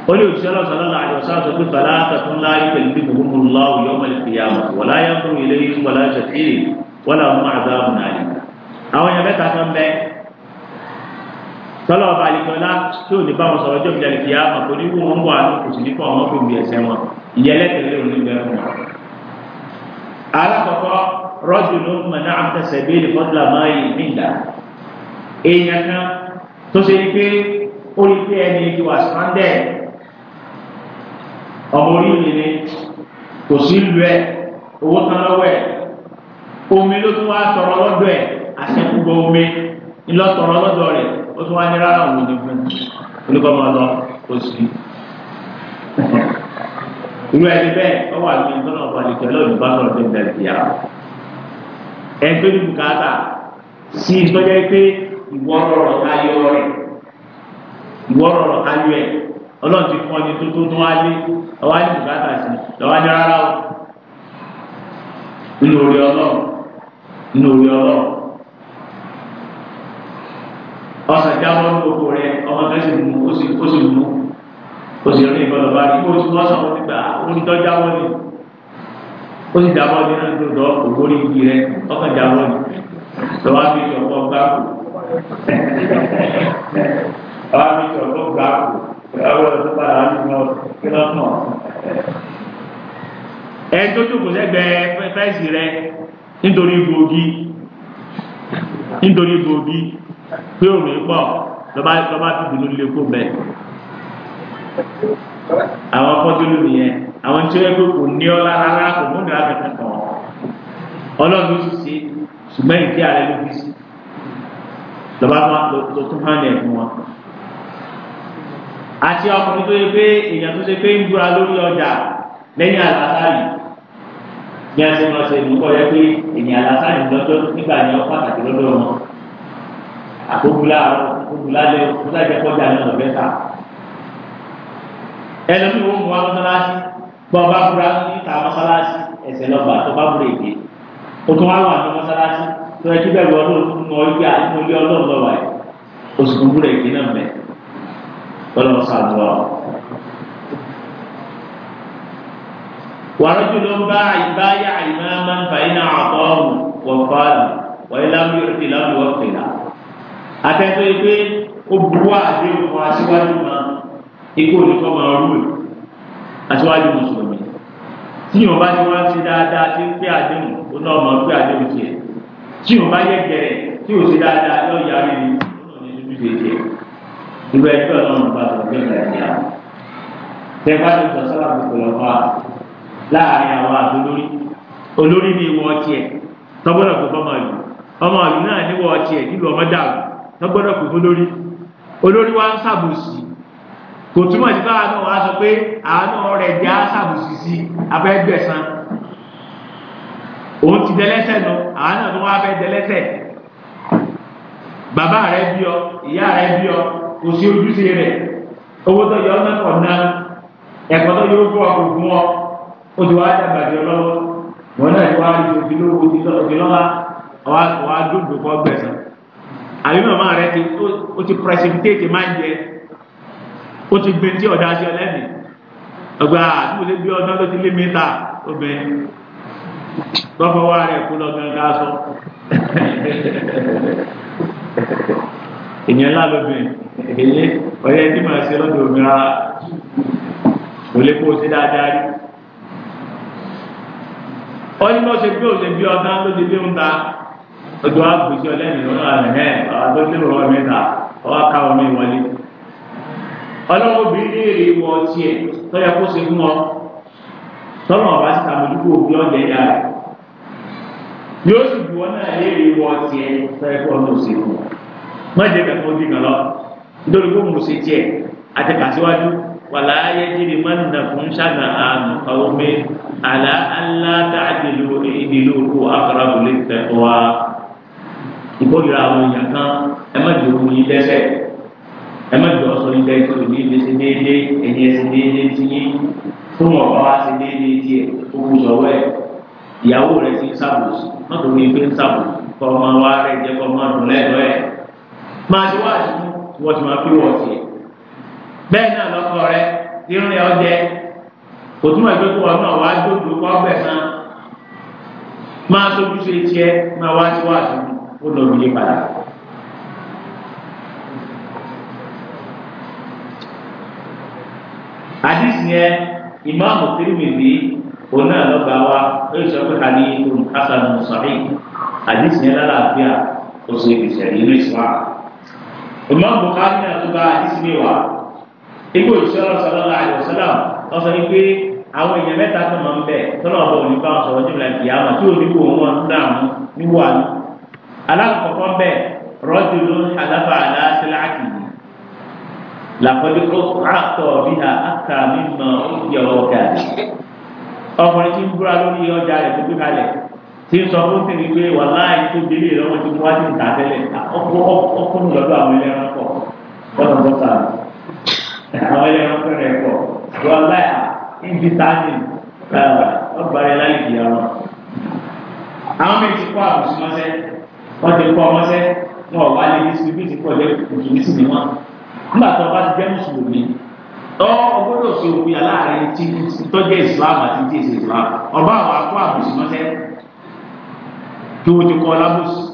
ó lè òṣìṣẹ́ ọlọ́sàn lọ́la àjọṣà sọ pé bàlá àtàkùn láàyè pẹ̀lú bí gbogbo mọ̀ lọ́wọ́ yọ ọmọ ìpìyà wọ̀lá yẹ kúrò ilé yìí wọlá ṣàtìrì wọlá ọmọ àdáàbò náà yìí. àwọn èèyàn mẹ́ta kan bẹ tọ́lọ̀ ọba àlìkọ́lá tí ò ní bá wọn sọ̀rọ̀ jọ́bi jàlè kìá àmọ́ kò ní kó wà ní kò sì ní kó wọn wọn ìyẹlẹ́tẹ̀lẹ́ òní bẹ́ẹ̀ rọ́jùlù mọ̀nà àtẹ̀sẹ̀bẹ́lì fọ́dúlà máa yìí nígbà èèyàn kan tó ṣe ní pé ó rí pé ẹni tí wà sàndẹ̀ ọmọ orílẹ̀ ni kò sí lu ẹ owó tán lọ́wọ́ ẹ omi ló tún wá tọrọ lọ́dọ̀ ẹ àṣẹkùgbọ omi ńlọ tọrọ lọ́dọ̀ rẹ ó tún wá ní rárá òun ní fún olùkọ́ máa lọ kó sí irú ẹni bẹ́ẹ̀ ọwọ́ àti ìtọ́nà ọ̀pọ̀ àlejò lọ́dún bá sọ̀rọ̀ ẹgbẹ́ ní bùkátà sí ìtọ́jẹ́ pé ìwọ́rọ̀rọ̀ ká yọ rẹ̀ ìwọ́rọ̀rọ̀ ká yọ ẹ̀ ọlọ́run ti fọ́ni tó tó tó wáyé ọwá ní bùkátà sí lọ́wọ́ ní rárá o nínú orí ọlọ́run nínú orí ọlọ́run ọ̀sán jábọ́ ní gbogbo rẹ̀ ọmọ kan sì mú ó sì mú ó sì rí ìbọn lọ́ba rí kó o tún lọ́sàn-án nígbà ó ń tọ́jú àwọn ènìyàn ó sì dàbọ̀ ní ọdún tó dọ̀ kò gbórí igi rẹ ọkàn dàbọ̀ ní lọ́wọ́ àbí ìjọba gbà kù lọ́wọ́ àbí ìjọba gbà kù lọ́wọ́ tó padà ní lọ kí lọ́ tàn. ẹ tó jókòó sẹ́gbẹ̀ẹ́ fẹ́ǹsì rẹ nítorí gbòógì nítorí gbòógì pé òun ń pọ̀ lọ́ba lọ́ba tó dùn lórí kó bẹ́ẹ̀ àwọn afọ́júlù nìyẹn àwọn tí wọ́n gbé kò ní ọ́ rárá kò mú nira kankan kàn ọ́ ọlọ́run ló sì ṣe ṣùgbọ́n ìdí ààrẹ ló fi sí lọ́ba tó tún hàn ní ẹ̀fún wọn. àti ọkùnrin tó yẹ pé èèyàn tó ṣe pé ń dúra lórí ọjà lẹ́yìn àlàáfáàlì bí a ṣe ń lọ́sẹ̀ ìdúkọ̀ yẹ pé èèyàn àlàáfáàlì lọ́jọ́ nígbà ní ọkọ̀ àtàkì lọ́dọ̀ wọn àkókò láàárọ̀ àkókò lálẹ́ òkúta ìjẹ́kọ̀ọ́jà ní ọ̀bẹ́ta ẹlòmíì wo mú wa mọ́sálásí bọ́ ọba kura níta mọ́sálásí ẹsẹ̀ lọ́ba tó bá múlò èké o tún wá wà ní mọ́sálásí tó ẹ kíbẹ̀ wọ ọlọ́run mọ ibi àdínú ilé ọlọ́run lọ́wọ́ ẹ̀ o sì tún múlò náà mẹ́ ọlọ́run sàdúrà. ورجل باع بايع إماما فإن أعطاه وفاه وإن لم يؤت لم يوفله. أتيت إليه ó bu àdéhùn aṣíwájú máa ikú olùkọ́ máa rú ẹ̀ aṣíwájú mùsùlùmí tí yóò bá ti wá sí dáadáa tí ń pé àdéhùn ó náà máa pé àdéhùn tiẹ̀ tí yóò bá yẹ gẹ̀rẹ̀ tí yóò sí dáadáa yóò yá rí ni ó náà ní ojú ṣe tiẹ̀ ìgbà ẹgbẹ́ ọlọ́run bá sọ pé ìgbà ìyá tẹ́gbà ló sọ sábà gbogbo ọ̀pá láàrin àwọn àtolórí olórí ni ìwọ tiẹ̀ tọ́gbọ́dọ̀ kò fọmọ ìlú ọmọ ìlú náà níwọ̀ tiẹ̀ nílùú ọmọ dàrú kò fọlórí olórí wa ń ṣàbòsí kò túmọ̀ sí báwa náà wàá sọ pé àánú rẹ̀ jẹ́ àṣàbùsì sí abẹ́gbẹ̀sán òun ti dẹlẹ́sẹ̀ lọ àánú tó wá fẹ́ dẹlẹ́sẹ̀ bàbá rẹ̀ bí ọ ìyá rẹ̀ bí ọ kò sí ojúṣe rẹ̀ owó tó yọ ọ́ mẹ́kọ̀ọ́ náà ẹ̀kọ́ tó yóò fún ọ kò fún ọ ó ti wá dàgbà jọ lọ́wọ́ wọn náà ti wá rí òfin lówó ti lọ́wọ́ ti lọ́wọ́ wá wá dúdú fọ́ gbẹ̀sán àbí màmá rẹ̀ ti ó ti pẹ̀sìmítéètì máa ń jẹ ó ti gbé tí ọ̀dà ṣe lẹ́nu ọgbà àti òlé bí ọdún ló ti lé mẹ́ta obìnrin gbọ́fọ̀ wá rẹ̀ kú lọ gangan sọ èèyàn ńlá lóbìnrin ọ̀yẹ́ tí màá ṣe lọ́dọ̀ obìnrin ara òlé kó o ṣe dáadáa rí ó ní bọ́sẹ̀ bí òṣè bí ọdún ló ti lé ń ta ọdún àgbèsí ọlẹ́nu lọ́wọ́ àná ẹ̀ ọ̀dọ́ lé wọ́n mẹ́ta ọwọ́ ká omi wọlé ọlọ́run obìnrin léèrè wọ tiẹ̀ tọ́yẹ kó ṣe fún ọ tọ́nà ọba ti tàbójúkú òbí ọ̀jẹ̀ yá rẹ̀ yóò sì bu ọ náà léèrè wọ tiẹ̀ tọ́yẹ kó ọ̀nà òsè fún ọ. wọ́n jẹ́ kẹ́kọ̀ọ́ bí kan lọ nítorí pé mo ṣe tiẹ̀ àti kàṣíwájú wàlá ayé jírí má nà fún ṣàgà àmì ọ̀hún mi àlá ńlá tàdìlú ìdìlú kó akọ̀rọ̀ ìkórìíra àwọn èèyàn kan ẹ má jòwó yín lẹ́sẹ̀ ẹ má jọ sọ nígbà yìí tó lè ní ilé ṣe déédéé ẹni ẹ ṣe déédéé ti yín tó mọ̀ bá wá ṣe déédéé tiẹ̀ ó kù sọ̀wọ́ ẹ̀ ìyàwó rẹ̀ ti ń ṣàbòsí má tó ní pé ń ṣàbòsí kọ́ ọmọ wa rẹ̀ jẹ́ kọ́ ọmọ dùn lẹ́ẹ̀dọ́ ẹ̀ máa ṣe wá àṣìkú wọ́n ti máa fi wọ̀ tiẹ̀ bẹ́ẹ̀ náà lọ́kọ rẹ̀ irun yẹn ọjẹ́ kò túmọ̀ ìgbé kó wọn náà wá dòdò kọ́ ọbẹ̀ náà máa tójú ṣe tiẹ̀ máa wá ṣe wá àṣìkú ó lọ hadith yẹn ìmáàmù Tirmidhi òun náà lọ́ba wa ó sọ pé kàní ìkùn hasan sahih hadith yẹn lálàáfíà ó sì ìṣẹ̀lẹ̀ inú ìsìlá. ìmáàmù Bukhari náà tó bá hadith mi wá ikú ìṣọ́lá sallallahu alaihi wasallam wọ́n sọ pé àwọn èèyàn tó máa ń bẹ̀ tọ́lọ̀ ọ̀bọ̀ òní bá wọn sọ̀rọ̀ jùlọ ìyáàmà tí òní kò wọn ń dààmú níwọ̀ àná. alákọ̀ọ́kọ́ bẹ́ẹ̀ rọ́jò ló ń làkọ́dúkọ́ àtọ̀ bí i àtà mímọ́ òkè ọ̀gá rẹ̀ ọkùnrin tí ń búra lórí ọjà rẹ̀ tó gbé kalẹ̀ tí ń sọ fún tèmi pé wà láàyè tó délé lọ́wọ́ tí wọ́n ti ń ta tẹ́lẹ̀ ọkùnrin lọ́dọ̀ àwọn ẹlẹ́ran pọ̀ lọ́dọ̀ bọ́sà àwọn ẹlẹ́ran pẹ̀lú ẹ̀kọ́ wà láyà ń fi tání ọgbà rẹ̀ láyè kìí ọ̀rọ̀ àwọn méjì kọ́ àbùsùn mọ́sẹ́ wọ́n ti kọ́ mọ́sẹ́ wọn ò wá lè ní sùn bí ti pọ̀ lẹ́kùn kùtù ní sinimá nígbà tó o bá ti jẹ́ mùsùlùmí tọ́ ọgbọ́dọ̀ sí òkú yà láàrin tí tọ́jẹ́ islam àti tí èsì islam ọba àwọn akọ àbùsùn mọ́tẹ́ kí o ti kọ́ lábùsùn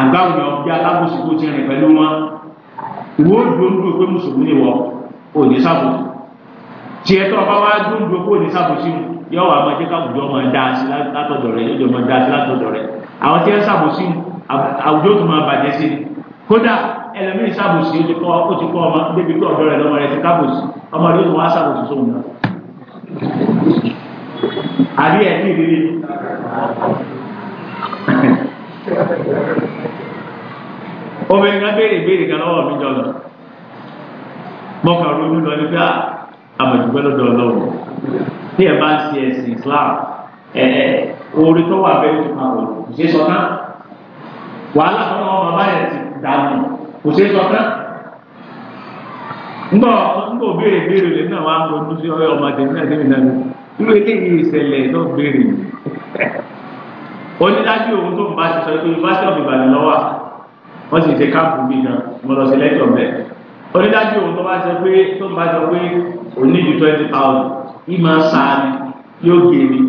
àgbáwò yọ bí alábùsùn tó ti rìn pẹ̀lú wọn ìwọ òdòdó pé mùsùlùmí wọ òní sábò tí ẹ tọ́ ọba wa dòdó pé òní sábò sí yọ wà máa jẹ́ káwùjọ máa dá sí látọ̀dọ̀ rẹ̀ yóò jọ máa dá sí látọ̀dọ̀ rẹ̀ àwọn tí ẹ sábò sí àwùjọ tó máa bàjẹ́ sí kódà ẹlẹ́mìí sábòsí ó ti kọ́ ó ti kọ́ ọmọ débi pé ọ̀dọ́ rẹ̀ lọ́mọ rẹ̀ ti kábòsí ọmọ rẹ̀ yóò wá sábòsí sóhun náà. àbí ẹ̀ ní ìrírí. obìnrin kan béèrè béèrè kan lọ́wọ́ mi jọlọ mo kàn ronú lọ ní pé àmọ̀jùgbẹ́ ah, lọ́dọ̀ ọlọ́run tí ẹ bá ń ṣe ẹ̀sìn Islam ẹ̀ orí tó wà bẹ́ẹ̀ tó máa wọ̀ kò ṣeé sọ náà wàhálà fún ọmọ bàbá yẹn ti dànù kò ṣe é sọ tán ńgbọ ńgbọ béèrè béèrè lè náà wà á mọ ojú sí ọyọ ọmọ àtẹnudẹ àtẹnudẹ náà irú eléyìí ìṣẹ̀lẹ̀ náà béèrè onídàájú òun tó ń bá ṣiṣọ ìlú yunifásitì ọ̀f ìbàdàn lọ́wọ́ wọ́n sì ṣe káàpù mi náà mo lọ sí lẹ́tọ̀ bẹ́ẹ̀ onídàájú òun tó bá ṣe pé tó ń bá ṣe pé òun ní ju twenty thousand ìmọ̀ sáà ni yóò gé mi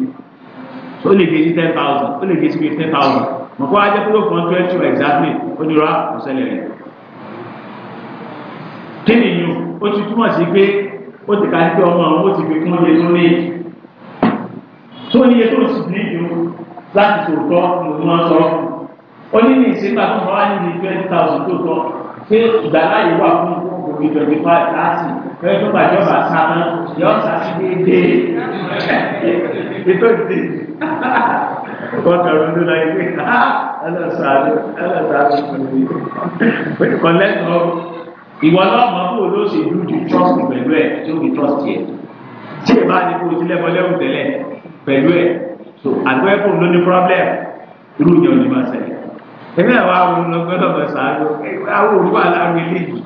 ó lè gé sí ten thousand ó lè gé sí fifteen thousand mọ̀ kó wá jẹ́ pé ó fọ́n twenty exactly ó nira kò ṣẹlẹ̀ rẹ̀. kí nìyí o ti túmọ̀ sí pé o ti kàdí pé ọmọ àwọn ó ti fi kún iye tó ní tó ní iye tó sì ní ìlú láti tòótọ́ lòun máa sọ ó ní ní ha tó máa ní ní twenty thousand tó tọ́ pé ìgbàláyè wà fún òbí twenty five láti fẹ́ẹ́ tó gbàjọ́ bá sá mọ́ yọ sí ètò ìdè wọ́n kàrọ̀ ní láyé pé ah, ìwọ lọ́mọ bó o ló ṣe dúdú trust pẹ̀lú ẹ̀ tí ó fi trust yẹ tí ì bá ní kó o ti lẹ́mọ lẹ́hùn tẹ́lẹ̀ pẹ̀lú ẹ̀ so àgbẹ̀ ẹ̀kún ló ní problem irú ìyẹn ò ní máa ṣẹlẹ̀ ẹ̀mí àwọn àwọn olùgbọ́dọ̀ bẹ̀ sàánú àwọn olùkọ́ aláwọ̀ ilé yìí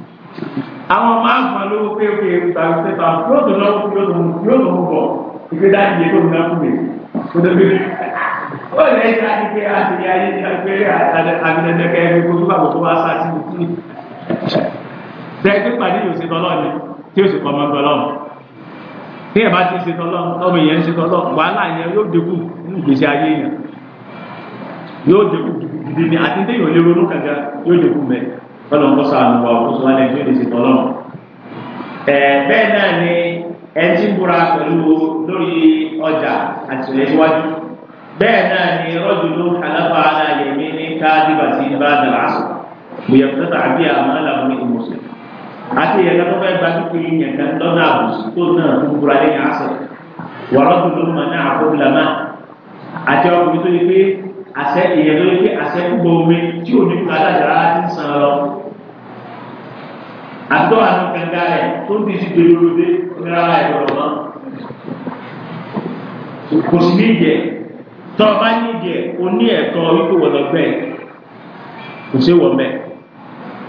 àwọn máa ń fọn lówó pé pé gbàgbé tó yóò tó lọ́wọ́ yóò tó yóò tó bọ̀ ìgbé dájú yẹn tó ń ná fún mi kó tó bíi ó lè ṣe àdìgbé àti ayé àgbé àdìgbé àdìgbé kẹ́kẹ́ kó tó bá tó bá sá sí i tẹ́gbẹ́ pàdé yóò ṣe tọ́lọ́ ni tí yóò ṣe kọ́ ọmọ tọ́lọ́ tí yẹn bá ti ṣe tọ́lọ́ tọ́mọ yẹn ń ṣe tọ́lọ́ wàhálà yẹn yóò dínkù nínú ìgbésí ayé yẹn yóò dínkù gidi ni àti ní ìwòlé ronú kàga yóò dínkù mẹ́ tọ́lọ́ ńkọ́ sàánù wà ó sọ alẹ́ tó lè ṣe tọ́lọ́ bẹ́ẹ̀ náà ni ẹni tí ń búra pẹ̀lú lórí ọjà àtìlẹ́síwájú bẹ́ẹ̀ náà ni rọ́jò ló alábàá aláyẹ̀mí ní káàdì bàtí bá dàrásù bùyẹ̀ fún tàbí àmọ́ làwọn ìmùsùlùmí àti ìyẹn lọ́dún bẹ́ẹ̀ gba pípé yẹn kan lọ́nà àbùsù tó náà fún kúra lẹ́yìn àṣẹ wọ́rọ́ na ló mọ̀ ní àkóbìlámà àti ọkùnrin tó yẹ pé àṣẹ ìyẹn tó yẹ pé àṣẹ gbogbo omi tí ò ní kúra dájàrá ti ń san lọ. àtọ́ àti gàgà rẹ̀ tó ń bìí sí gbèrúdé onírara ìrọ̀rọ̀ mọ́. kò sí ní ìjẹ tọ́ ọ bá ní ìjẹ o ní ẹ̀tọ́ wípé wọ́n lọ bẹ́ẹ̀ kò sí wọ́n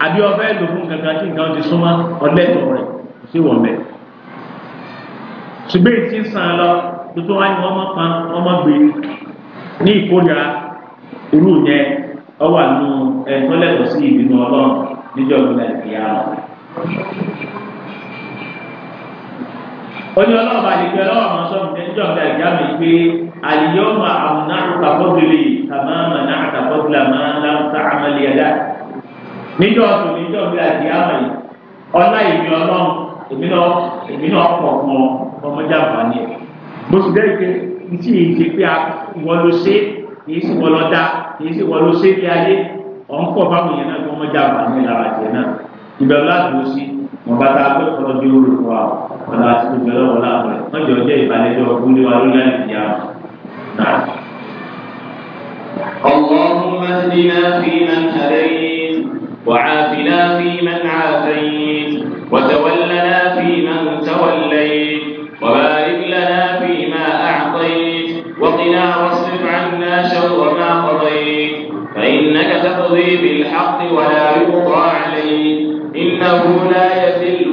àbí ọfẹ́ lò fún kankan tí nǹkan ti súnmọ́ ọlẹ́tọ̀ rẹ̀ kò sí wọ̀n bẹ́ẹ̀. ṣùgbọ́n èyí ti ń sàn lọ tuntun wáyé wọn mọ pan wọn mọ gbé ní ìkórira irú yẹn ọ wà nù ẹ tọ́lẹ̀tọ̀ sí ìbínú ọlọ́run níjọ́ ìgbà ìyá rẹ̀. onye ọlọ́ọ̀bà àdìgbẹ́ ọlọ́wọ́ àwọn sọ́ọ̀mù ní ẹjọ́ ọ̀gá mi pé àyè ọmọ àwọn náà kàfọ́bìlì níjọ́ ọ̀sùn níjọ́ bí àti àmà yìí ọlá ìmí ọlọ́run èmi náà èmi náà pọ̀ mọ́ ọmọdé àǹfààní ẹ̀. mo sì dẹ́rù pé ntí yìí ti pé ìwọ ló ṣe kì í sì wọ lọ dá kì í sì wọ ló ṣe kí ayé ọ̀nkọ̀ báwọn yẹn náà tó ọmọdé àǹfààní lára tiẹ̀ náà ìbẹ̀rù láti wọ sí wọn bá ta pé ọlọ́dẹ olùkọ́ àwọn ọ̀nà àti ìbẹ̀rù wọn láàbọ̀ wọ́n jẹ́ ọjọ́ ìbàlẹ́jọ́ ọkùnrin wa وعافنا في من عافيت وتولنا في من توليت وبارك لنا فيما أعطيت وقنا واصرف عنا شر ما قضيت فإنك تقضي بالحق ولا يقضى عليك إنه لا يذل